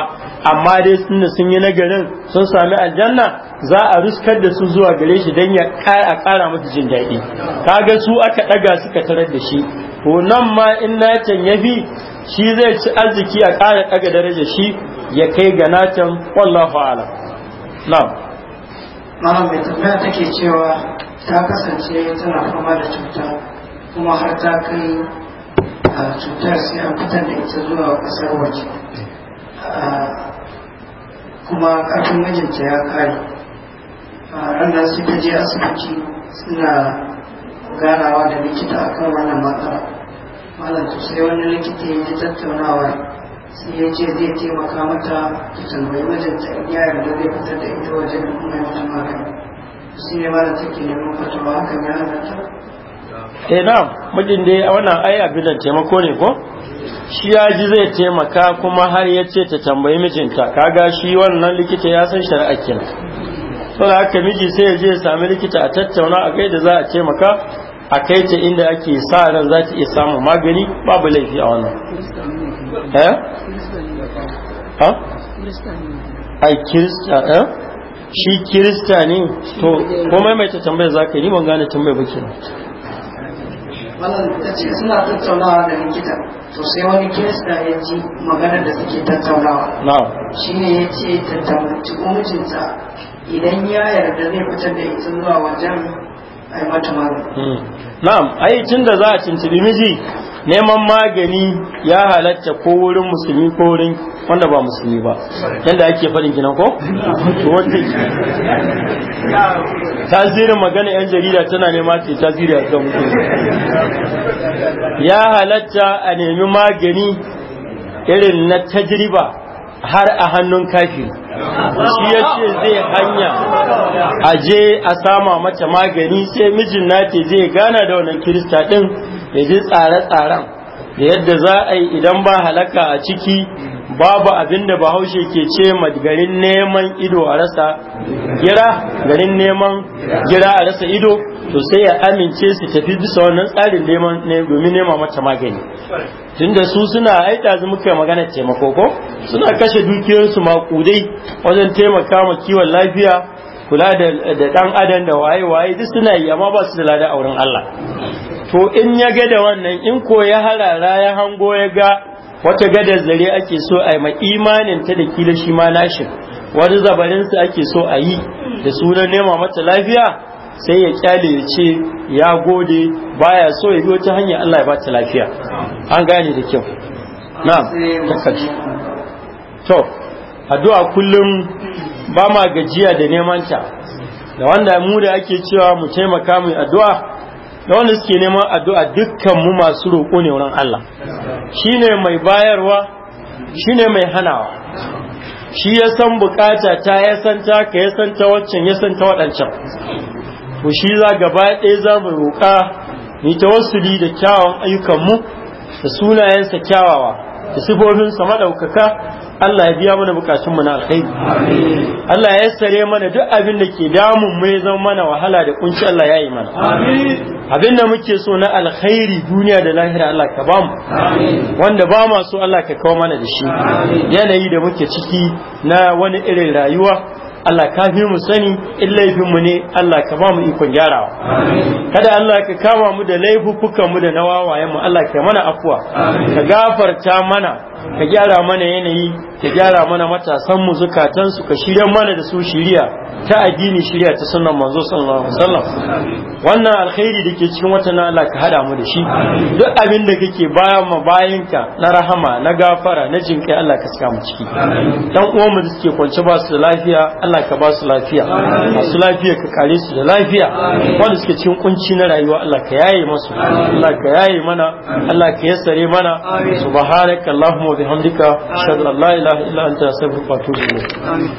A: amma dai sun sun yi nagarin sun sami aljanna za a ruskar da su zuwa gare shi dan ya a kara musu jin daɗi kaga su aka daga suka tarar da shi to nan ma in na can yafi shi zai ci arziki a kara daga darajar shi ya kai ga nacin wallahu ala na.
D: mai tambaya take cewa ta kasance tana fama da cuta kuma har ta kai cutar sai an fitar da ita zuwa kasar waje kuma karfin mijinta ya kare ranar sai ta je asibiti suna ganawa da likita akan wannan matsala malam to sai wani likita ya tattaunawa sai ya ce zai taimaka mata ta tambayi mijinta in ya yarda zai fitar da ita wajen kuma ya mata magani shi ne mara take neman fatawa hakan ya halatta
A: eh na mijin dai a wannan ai abin taimako ne ko shi ya ji zai taimaka kuma har ya ce ta tambayi mijinta kaga shi wannan likita ya san shari'a kenan saboda haka miji sai ya je sami likita a tattauna a kai da za a taimaka a kai ta inda ake sa ran za ta iya samun magani babu laifi a wannan eh ha ai kirista eh shi kirista ne to ko maimaita tambayar ka yi ban gane tambayar ba kenan
D: wannan ta ce suna tattaunawa da likita to sai wani kirista ya ji maganar da suke tattaunawa shi ne ya ce tattaunci mijinta idan ya yarda zai fitar da ita zuwa wajen ai mata magani
A: hmm. na'am ai tun da za a tuntubi miji neman magani ya halatta ko wurin musulmi ko wurin wanda ba musulmi ba yadda ake faɗin kinan ko tasirin magana yan jarida tana nema ce tasiri a kan mutum ya halatta a nemi magani irin na tajriba har a hannun kafi
C: shi ya ce zai hanya a
A: je a sama mata magani sai mijin na ce zai gana da wannan kirista din ya ji tsare-tsaren da yadda za a yi idan ba halaka a ciki babu abin da bahaushe ke ce garin neman ido a rasa gira garin neman gira a rasa ido to sai ya amince su tafi bisa wannan tsarin neman domin nema mata magani tunda su suna aita zu muka magana taimako ko suna kashe dukiyarsu maƙudai wajen taimaka ma kiwon lafiya kula da dan adam da waye waye duk suna yi amma ba su da lada auren Allah to in ya ga da wannan in ko ya harara ya hango ya ga wata gadar zare ake so a yi ma imanin ta da kila shi ma nashin wani zabarin su ake so a yi da sunan nema mata lafiya sai ya kyale ya ce ya gode baya so ya bi wata hanya Allah ya ba ta lafiya an gane da kyau na'am to addu'a kullum ba ma gajiya da neman ta da wanda mu da ake cewa mu taimaka mu addu'a da wanda suke neman addu'a dukkan mu masu roƙo ne wurin Allah shine mai bayarwa shine mai hanawa shi ya san bukata ta ya san ta ka ya san ta waccan ya san ta waɗancan to shi za gaba ɗaya za mu roƙa ni tawassuli da kyawawan ayyukan mu da sunayensa kyawawa da sifofinsa maɗaukaka Allah ya biya mana bukatun mu na alkhairi Allah ya sare mana duk abin da ke damun mu ya zama mana wahala da kunci Allah ya yi mana abin da muke so na alkhairi duniya da lahira Allah ka bamu wanda ba ma so Allah ka kawo mana da shi yanayi da muke ciki na wani irin rayuwa Allah ka fi mu sani in laifin mu ne Allah ka ba mu ikon gyarawa kada Allah ka kama mu da laifukan mu da na wawayen mu Allah ka mana afuwa ka gafarta mana ka gyara mana yanayi ka gyara mana matasan mu zukatan su ka shirya mana da su shirya ta addini shirya ta sunnan manzo sallallahu alaihi wasallam wannan alkhairi da ke cikin watan Allah ka hada mu da shi duk abin da kake bayan ma bayanka na rahama na gafara na jinkai Allah ka saka mu ciki dan uwan mu da suke kwance ba su da lafiya Allah ka ba su lafiya masu lafiya ka kare su da lafiya wanda suke cikin kunci na rayuwa Allah ka yaye masu Allah ka yaye mana Allah ka yassare mana subhanakallahumma wa bihamdika ashhadu an la ilaha illa anta astaghfiruka wa atubu
C: ilayk